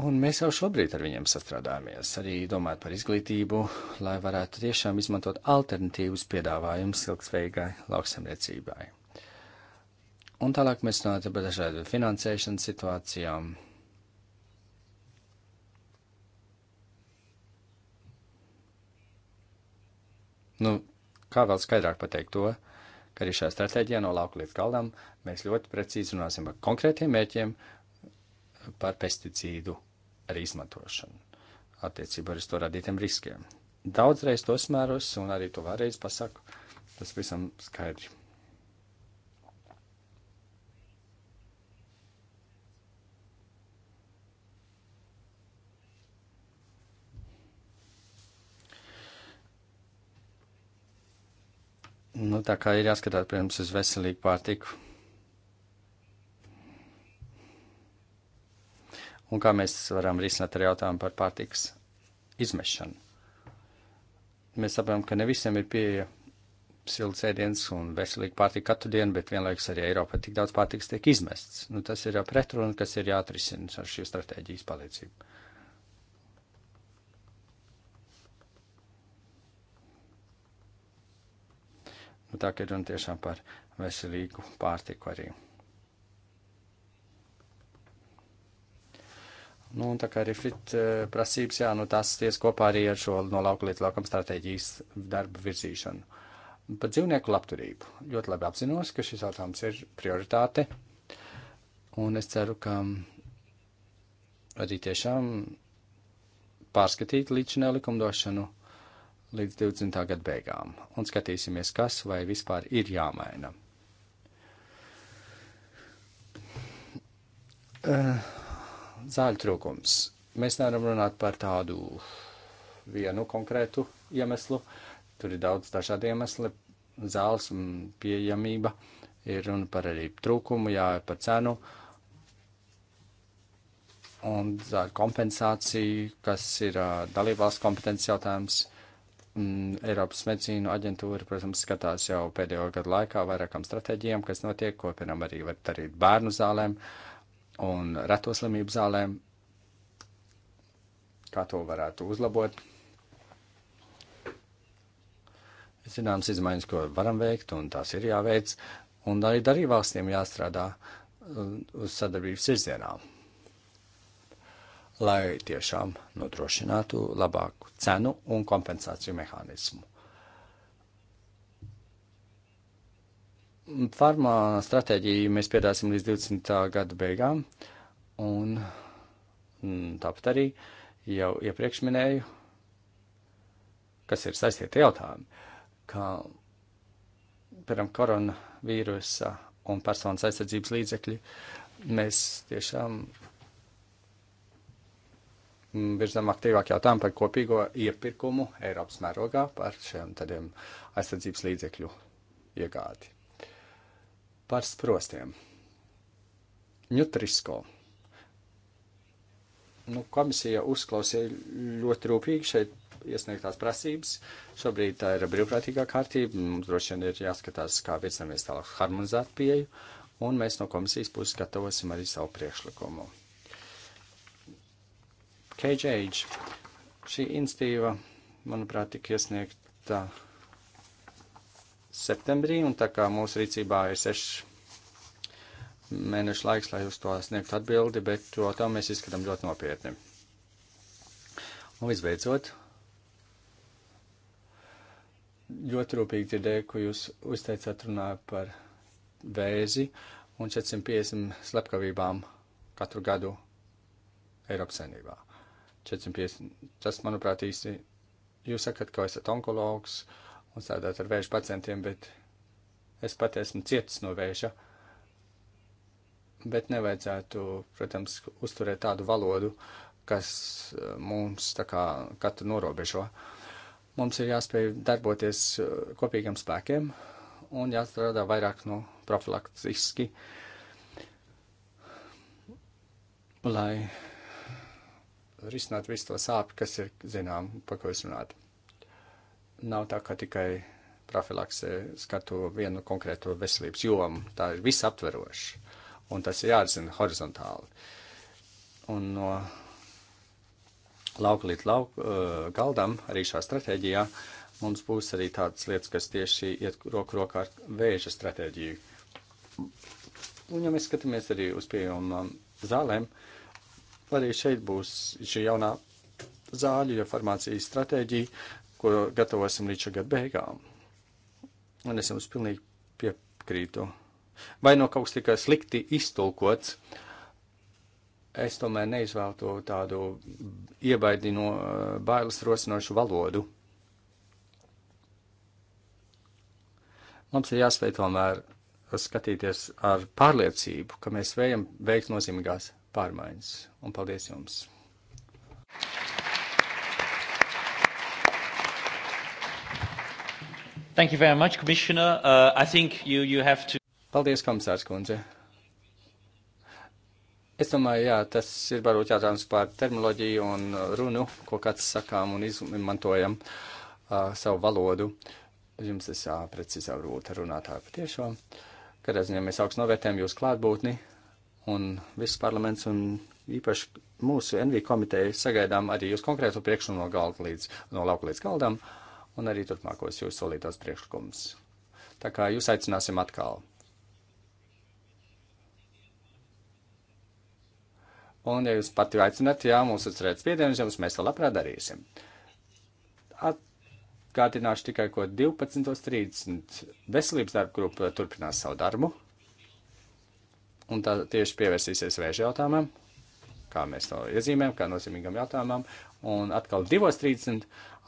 Un mēs jau šobrīd ar viņiem sastrādājamies, arī domājot par izglītību, lai varētu tiešām izmantot alternatīvas piedāvājumus ilgspējīgai lauksamniecībai. Un tālāk mēs runājam par dažādu finansēšanas situācijām. Nu, kā vēl skaidrāk pateikt to, ka arī šajā stratēģijā no lauka līdz galdam mēs ļoti precīzi runāsim par konkrētiem mērķiem par pesticīdu arī izmantošanu attiecībā ar to radītiem riskiem. Daudzreiz to smērus un arī to vēlreiz pasaku, tas visam skaidri. Nu, tā kā ir jāskatās, protams, uz veselīgu pārtiku, un kā mēs varam risināt ar jautājumu par pārtiks izmešanu. Mēs saprotam, ka ne visiem ir pieeja silts ēdiens un veselīga pārtika katru dienu, bet vienlaikus arī Eiropā tik daudz pārtiks tiek izmests. Nu, tas ir jau pretruna, kas ir jāatrisina ar šī stratēģijas palīdzību. Nu, tā ir runa tiešām par veselīgu pārtiku arī. Nu, un tā kā arī fit eh, prasības, jā, nu tās ties kopā arī ar šo no lauka līdz laukam stratēģijas darbu virzīšanu. Par dzīvnieku labturību. Ļoti labi apzinos, ka šis jautājums ir prioritāte. Un es ceru, ka mm, arī tiešām pārskatīt līdz nelikumdošanu līdz 20. gada beigām. Un skatīsimies, kas vai vispār ir jāmaina. Uh zāļu trūkums. Mēs nevaram runāt par tādu vienu konkrētu iemeslu. Tur ir daudz dažādu iemeslu. Zāles un pieejamība ir runa par arī trūkumu, jā, par cenu un zāļu kompensāciju, kas ir uh, dalībvalsts kompetences jautājums. Mm, Eiropas medicīnu aģentūra, protams, skatās jau pēdējo gadu laikā vairākam stratēģijām, kas notiek, ko, piemēram, arī var darīt bērnu zālēm. Uh, un reto slimību zālēm, kā to varētu uzlabot. Zināms, izmaiņas, ko varam veikt, un tās ir jāveic, un arī darībvalstīm jāstrādā uh, uz sadarbības virzienā, lai tiešām nodrošinātu labāku cenu un kompensāciju mehānismu. Farmā stratēģiju mēs piedāsim līdz 20. gada beigām, un tāpat arī jau iepriekš minēju, kas ir saistīti jautājumi, ka, piemēram, koronavīrusa un personas aizsardzības līdzekļi mēs tiešām virzam aktīvāk jautājumu par kopīgo iepirkumu Eiropas mērogā par šiem tādiem aizsardzības līdzekļu iegādi par sprostiem. Nutrisko. Nu, komisija uzklausīja ļoti rūpīgi šeit iesniegtās prasības. Šobrīd tā ir brīvprātīgā kārtība. Mums droši vien ir jāskatās, kā virzamies tālāk harmonizēt pieeju, un mēs no komisijas puses gatavosim arī savu priekšlikumu. KJH. Šī institīva, manuprāt, tika iesniegta septembrī, un tā kā mūsu rīcībā ir seši mēnešu laiks, lai uz to sniegtu atbildi, bet to tam mēs izskatām ļoti nopietni. Un visbeidzot, ļoti rūpīgi dzirdēju, ko jūs uzteicāt runājot par vēzi un 450 slepkavībām katru gadu Eiropas saimnībā. 450, tas, manuprāt, īsti, jūs sakat, ka esat onkologs, uh, un strādāt ar vēža pacientiem, bet es pat esmu cietis no vēža. Bet nevajadzētu, protams, uzturēt tādu valodu, kas eh, mums tā kā katru norobežo. Mums ir jāspēj darboties eh, kopīgiem spēkiem un jāstrādā vairāk no profilaktiski, lai risināt visu to sāpju, kas ir, zinām, pa ko es runātu nav tā, ka tikai profilakse skatu vienu konkrēto veselības jomu. Tā ir visaptveroša, un tas ir jāzina horizontāli. Un no lauka līdz lauka uh, galdam arī šā stratēģijā mums būs arī tādas lietas, kas tieši iet roku rokā ar vēža stratēģiju. Un ja mēs skatāmies arī uz pieejamām zālēm, arī šeit būs šī jaunā zāļu, jo farmācijas stratēģija ko gatavosim līdz šā gada beigām. Un es jums pilnīgi piekrītu. Vai no kaut kas tika slikti iztulkots, es tomēr neizvēltu tādu iebaidino, bailes rosinošu valodu. Mums ir jāspēj tomēr skatīties ar pārliecību, ka mēs vējam veikt nozīmīgās pārmaiņas. Un paldies jums! Thank you very much, Commissioner. Uh, I think you, you have to. Paldies, komisārs kundze. Es domāju, jā, tas ir varbūt jautājums par terminoloģiju un uh, runu, ko kāds sakām un izmantojam uh, savu valodu. Jums tas jāprecizē varbūt runātāju patiešām. Kad es viņam mēs augstu novērtējam jūsu klātbūtni un viss parlaments un īpaši mūsu NV komiteja sagaidām arī jūs konkrēto priekšnu no galda līdz, no lauka līdz galdam. Uh, un arī turpmākos jūsu solītos priekšlikumus. Tā kā jūs aicināsim atkal. Un, ja jūs pati aicinat, jā, mums uzturēt spiedienus, jums mēs to labprāt darīsim. Atgādināšu tikai, ko 12.30 veselības darba grupa turpinās savu darbu. Un tā tieši pievērsīsies vēža jautājumam, kā mēs to iezīmējam, kā nozīmīgam jautājumam un atkal 2.30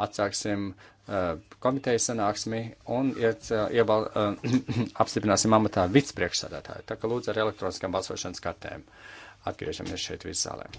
atsāksim uh, komitejas sanāksmi un iet, uh, iebal, uh, apstiprināsim amatā vicepriekšsādātāju. Tā kā lūdzu ar elektroniskām balsošanas kartēm. Atgriežamies šeit viszālē.